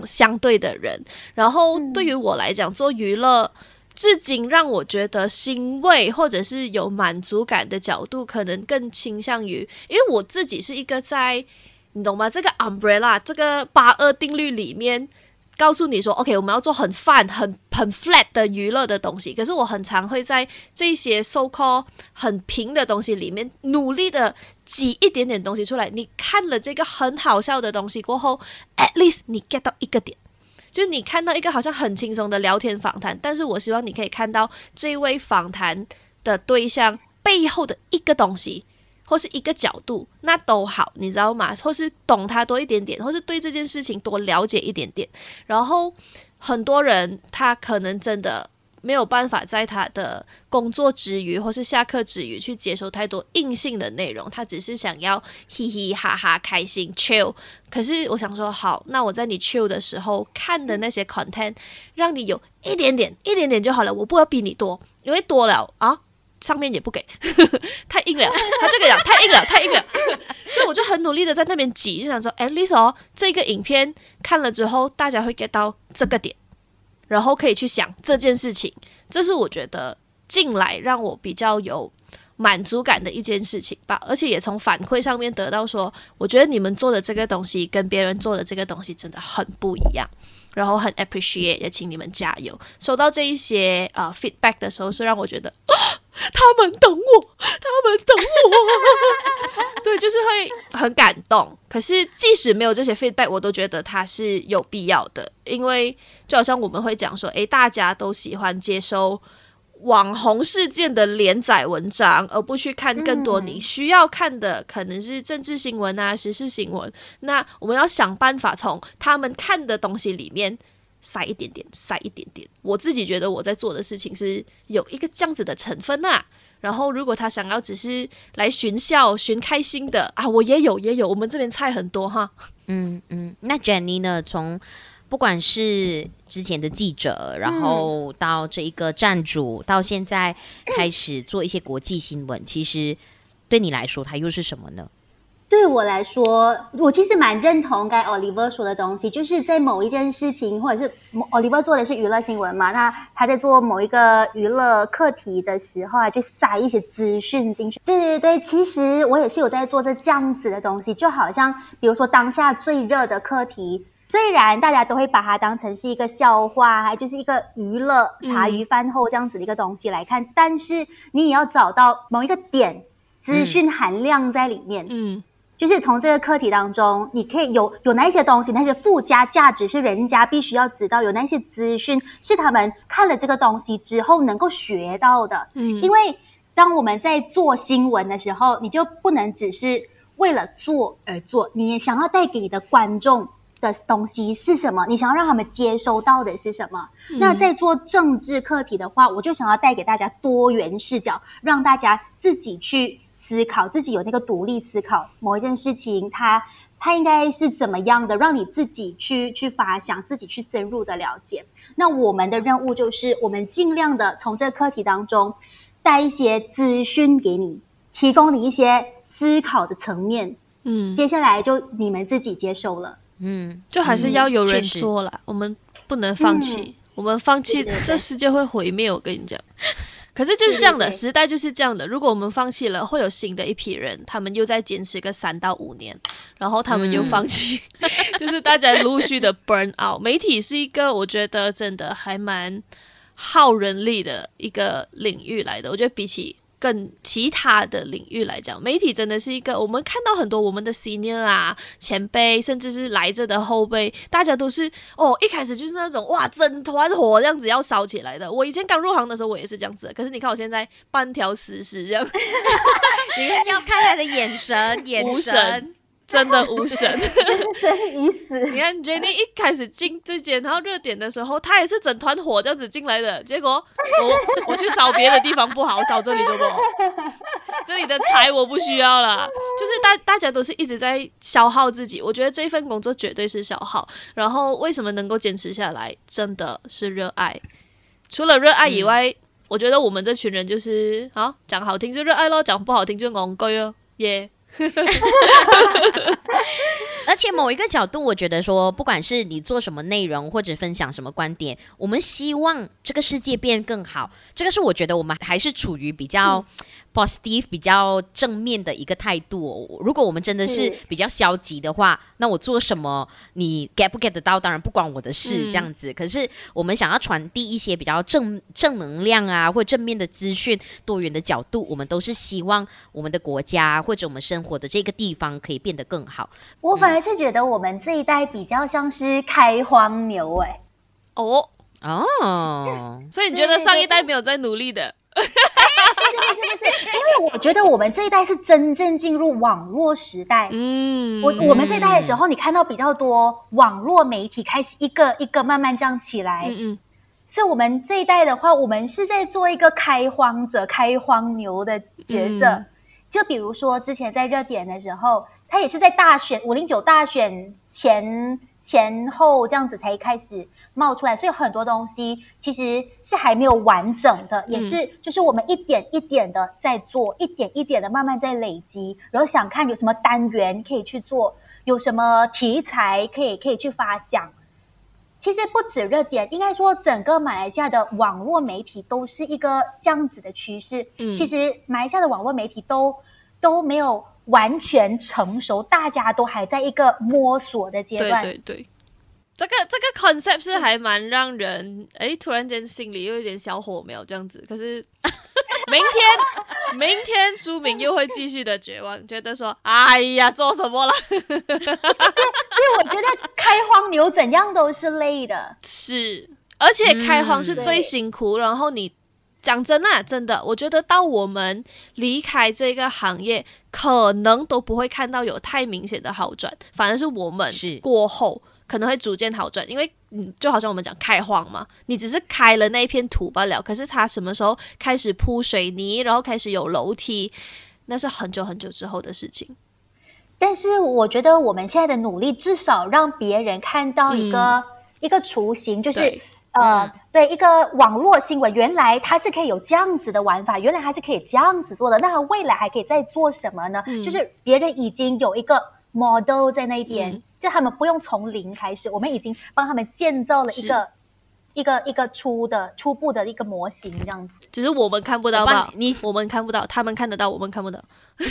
S2: 相對的人。然後對於我來講，做娛樂。至今讓我覺得欣慰或者是有滿足感的角度，可能更傾向於，因為我自己是一個在，你懂嗎？這個 umbrella，這個八二定律裡面，告訴你說，OK，我們要做很 fun 很、很很 flat 的娛樂的東西。可是我很常會在這些 so called 很平的東西裡面，努力的擠一點點東西出來。你看了這個很好笑的東西過後，at least 你 get 到一個點。就你看到一個好像很輕鬆的聊天訪談，但是我希望你可以看到這一位訪談的對象背後的一個東西，或是一個角度，那都好，你知道嗎？或是懂他多一點點，或是對這件事情多了解一點點。然後很多人他可能真的。沒有辦法在他的工作之餘，或是下課之餘去接受太多硬性的內容，他只是想要嘻嘻哈哈開心 chill。可是我想說，好，那我在你 chill 的時候看的那些 content，讓你有一點點、一點點就好了，我不要比你多，因為多了啊，上面也不給，呵呵太硬了。他就講太硬了，太硬了， 所以我就很努力的在那邊擠，就想說，哎、哦，至少這個影片看了之後，大家會 get 到這個點。然後可以去想這件事情，這是我覺得近來讓我比較有滿足感的一件事情吧。而且也從反饋上面得到說，我覺得你們做的這個東西跟別人做的這個東西真的很不一樣。然後很 appreciate，也請你們加油。收到這一些啊、呃、feedback 的時候，是讓我覺得。他們懂我，他們懂我， 對，就是會很感動。可是即使沒有這些 feedback，我都覺得它是有必要的，因為就好像我們會講說，誒、欸，大家都喜歡接收網紅事件的連載文章，而不去看更多你需要看的，嗯、可能是政治新聞啊、時事新聞。那我們要想辦法從他們看的東西裡面。塞一點點，塞一點點。我自己覺得我在做的事情是有一個這樣子的成分啊。然後，如果他想要只是來尋笑、尋開心的啊，我也有，
S1: 也有。我們這邊菜很多哈。嗯嗯，那 Jenny 呢？從不管是之前的記者，嗯、然後到這一個站主，到現在開始做一些國際新聞，其實對你來說，它又是什麼呢？
S3: 對我來說，我其實蠻認同該 Oliver 說的東西，就是在某一件事情，或者是某 Oliver 做的是娛樂新聞嘛，那他，他在做某一個娛樂課題的時候啊，就塞一些資訊進去。對對對，其實我也是有在做這這樣子的東西，就好像比如說當下最熱的課題，雖然大家都會把它當成是一個笑話，還就是一個娛樂茶餘飯後這樣子的一個東西來看，嗯、但是你也要找到某一個點資訊含量在裡面。嗯。嗯就是從這個課題當中，你可以有有哪一些東西，那些附加價值是人家必須要知道，有哪些資訊是他們看了這個東西之後能夠學到的。嗯，因為當我們在做新聞的時候，你就不能只是為了做而做。你想要帶給你的觀眾的東西是什麼？你想要讓他們接收到的是什麼？嗯、那在做政治課題的話，我就想要帶給大家多元視角，讓大家自己去。思考，自己有那個獨立思考某一件事情它、它它應該是怎麼樣的，讓你自己去去發想，自己去深入的了解。那我們的任務就是，我們盡量的從這課題當中帶一些資訊給你，提供你一些思考的層面。嗯，接下來就你們自己接受了。嗯，
S2: 就還是要有人說了，嗯、我們不能放棄，嗯、我們放棄，對對對，這世界會毀滅。我跟你講。可是就是這樣的，對對對，時代，就是這樣的。如果我們放棄了，會有新的一批人，他們又在堅持個三到五年，然後他們又放棄，嗯、 就是大家陸續的 burn out。 媒體是一個，我覺得真的還蠻耗人力的一個領域來的。我覺得比起跟其他的領域來講，媒體真的是一個，我們看到很多我們的 senior 啊，前輩，甚至是來這的後輩，大家都是哦，一開始就是那種哇，整團火這樣子要燒起來的。我以前剛入行的時候，我也是這樣子的，可是你看我現在半條死屍這樣，你看要看他的眼神，眼神。 真的無神， 你看 Jenny 一開始進這間，然後熱點的時候，他也是整團火這樣子進來的。結果我。
S1: 我我去燒別的地
S2: 方不好，燒這裡就不好。這裡的柴我不需要了，就是大大家都是一直在消耗自己。我覺得這份工作絕對是消耗。然後為什麼能夠堅持下來，真的是熱愛。除了熱愛以外，嗯、我覺得我們這群人就是啊，講好聽就熱愛咯，講不好聽就戇居哦，耶、yeah.。
S1: 而且某一個角度，我覺得說，不管是你做什麼內容或者分享什麼觀點，我們希望這個世界變更好。這個是我覺得我們還是處於比較、嗯。把 Steve 比較正面的一個態度，哦，如果我們真的是比較消極的話，嗯、那我做什麼你 get 不 get 得到？當然不關我的事，這樣子。嗯、可是我們想要傳遞一些比較正正能量啊，或正面的資訊、多元的角度，我們都是希望我們的國家或者我們生活的這個地方可以變得更好。
S3: 嗯、我反而是覺得我們這一代比較像是開荒牛哎、欸哦，哦哦， 所以你覺
S1: 得上一
S2: 代沒有在努力的？對對對對
S3: 是是是，因為我覺得我們這一代是真正進入網絡時代。嗯，我我們這一代的時候，你看到比較多網絡媒體開始一個一個慢慢這樣起來。嗯嗯，所以我們這一代的話，我們是在做一個開荒者、開荒牛的角色。嗯，就比如說之前在熱點的時候，他也是在大選，五零九大選前前後這樣子才開始。冒出來，所以很多東西其實是還沒有完整的，嗯、也是就是我們一點一點的在做，嗯、一點一點的慢慢在累積，然後想看有什麼單元可以去做，有什麼題材可以可以去發想。其實不止熱點，應該說整個馬來西亞的網絡媒體都是一個這樣子的趨勢。嗯、其實馬來西亞的網絡媒體都都沒有完全成熟，大家都還在一個摸索的階段。對對對。
S2: 這個這個 concept 是還蠻讓人誒，突然間心裡又有點小火苗這樣子。可是呵呵明天 明天書明又會繼續的絕望，覺得說
S3: 哎呀，做什麼了？所以我覺得開荒牛怎樣都是累的，是，而且開荒是最辛
S2: 苦。嗯、然後你對講真的啊，真的，我覺得到我們離開這個行業，可能都不會看到有太明顯的好轉，反而是我們是過後。可能會逐漸好轉，因為嗯，就好像我們講開荒嘛，你只是開了那一片土罷了。可是它什麼時候開始鋪水
S3: 泥，然後開始有樓梯，那是很久很久之後的事情。但是我覺得我們現在的努力，至少讓別人看到一個、嗯、一個雛形，就是對呃、嗯、對一個網絡新聞，原來它是可以有這樣子的玩法，原來它是可以這樣子做的。那它未來還可以再做什麼呢？嗯、就是別人已經有一個。Model 在那邊，嗯、就他們不用從零開始，我們已經幫他們建造了一個是一個一個初的初步的一個模型，這樣子。
S2: 只是我們看不到吧？我
S1: 你我們看不到，他們看得到，我們看不到。
S3: 哎、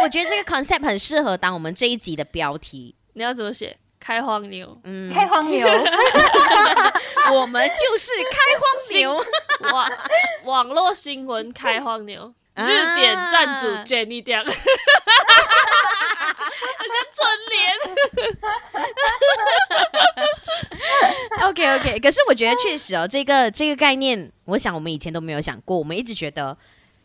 S3: 欸，我覺得這
S1: 個 concept 很適合當我們這一集的標題。
S2: 你要怎麼寫？開荒牛，嗯，開荒牛， 我們就是開荒牛，網網絡新聞開荒牛。日點讚主 Jenny 點哈哈哈哈哈，好像春聯，
S1: 哈哈哈哈哈，OK OK，可是我覺得確實哦、喔，這個這個概念，我想我們以前都沒有想過，我們一直覺得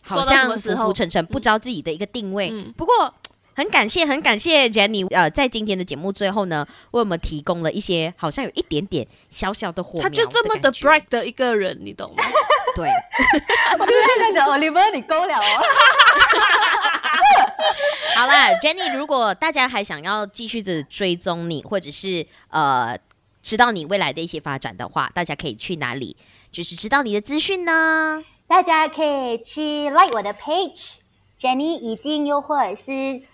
S1: 好像是浮浮沉沉，不知道自己的一個定位。嗯、不過。很感謝，很感謝 Jenny，呃，在今天的節目最後呢，為我們提供了一些好像有一點點小小的火的，他就這麼的 bright 的一個人，你懂嗎？ 對，我最近看到 Oliver 你勾了哦。好啦，Jenny，如果大家還想要繼續的追蹤你，或者是呃知道你未來的一些發展的話，大家可以去哪裡，就是知道你的
S3: 資訊呢？大家可以去 like 我的 page，Jenny 一定又或者是。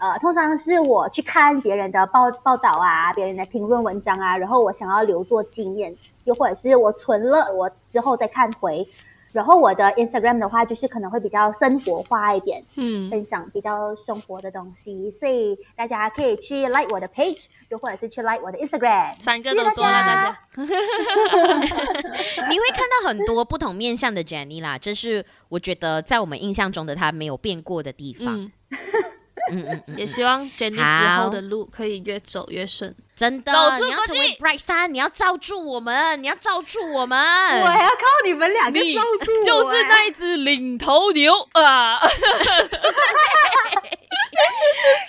S3: 呃，通常是我去看別人的報報道啊，別人的評論文章啊，然後我想要留作經驗，又或者是我存了我之後再看回。然後我的 Instagram 的話，就是可能會比較生活化一點，嗯，分享比較生活的東西，所以大家可以去 like 我的 page，又或者是去 like 我的 Instagram。三個都做了。大
S1: 家，你會看到很多不同面向的 Jenny 啦，這是我覺得在我們印象中的她沒有變過的地方。
S3: 嗯
S2: 也希望 Jenny 之後的路可以越走越順，真的。走出國際
S1: bright star，你要罩住我們，你要罩住我們，我還要靠你們兩個罩住。你就是那隻領頭牛啊！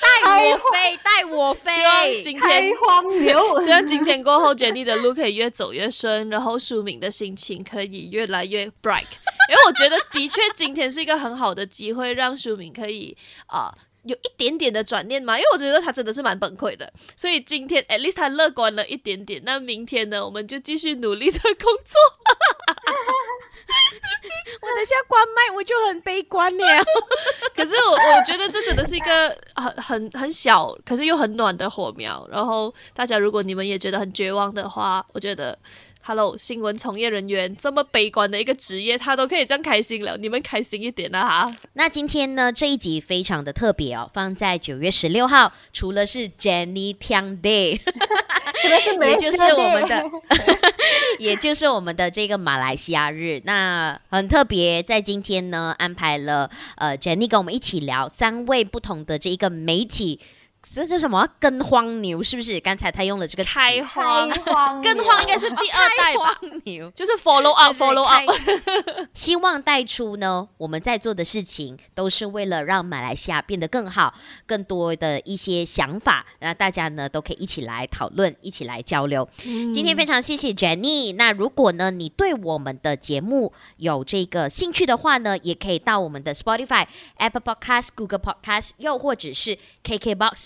S2: 帶我
S1: 飛，帶我飛。今天，開荒牛。希望今
S2: 天過後，Jenny 的路可以越走越順，然後舒敏的心情可以越來越 bright。因為我覺得，的確今天是一個很好的機會，讓舒敏可以啊。有一點點的轉念嘛，因為我覺得他真的是蠻崩潰的，所以今天 at least 他樂觀了一點點。那明天呢，我們就繼續努力的工作。 我等下關麥，我就很悲觀了。 可是我我覺得這真的是一個很很很小，可是又很暖的火苗。然後大家如果你們也覺得很絕望的話，我覺得。Hello，新聞從業人員這麼悲觀的一個職業，他都可以這樣開心了，你們開心一點啊！哈，
S1: 那今天呢，這一集非常的特別哦，放在九月十六號，除了是 Jenny Tian Day，
S3: 也就是我們的，
S1: 也就是我們的這個馬來西亞日，那很特別，在今天呢安排了呃 Jenny 跟我們一起聊三位不同的這一個媒體。這是什麼？跟荒牛是不是？剛才他用了這個詞。開荒，跟荒。跟荒應該是第二代荒牛。就是 follow up，follow up。 希望帶出呢，我們在做的事情都是為了讓馬來西亞變得更好，更多的一些想法，那大家呢都可以一起來討論，一起來交流。嗯、今天非常謝謝 Jenny。那如果呢你對我們的節目有這個興趣的話呢，也可以到我們的 Spotify、Apple Podcast、Google Podcast，又或者是 KKBox。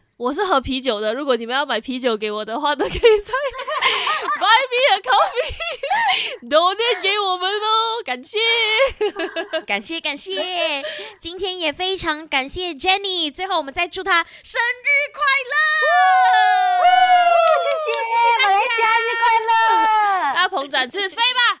S2: 我是喝啤酒的，如果你們要買啤酒給我的話，都可以在
S1: buy me a coffee 唸給我們哦。感謝， 感謝，感謝，今天也非常感謝 Jenny，最後我們再祝她生日快樂，哇哇謝，謝，謝謝大家，生日快樂，大鵬展翅飛吧。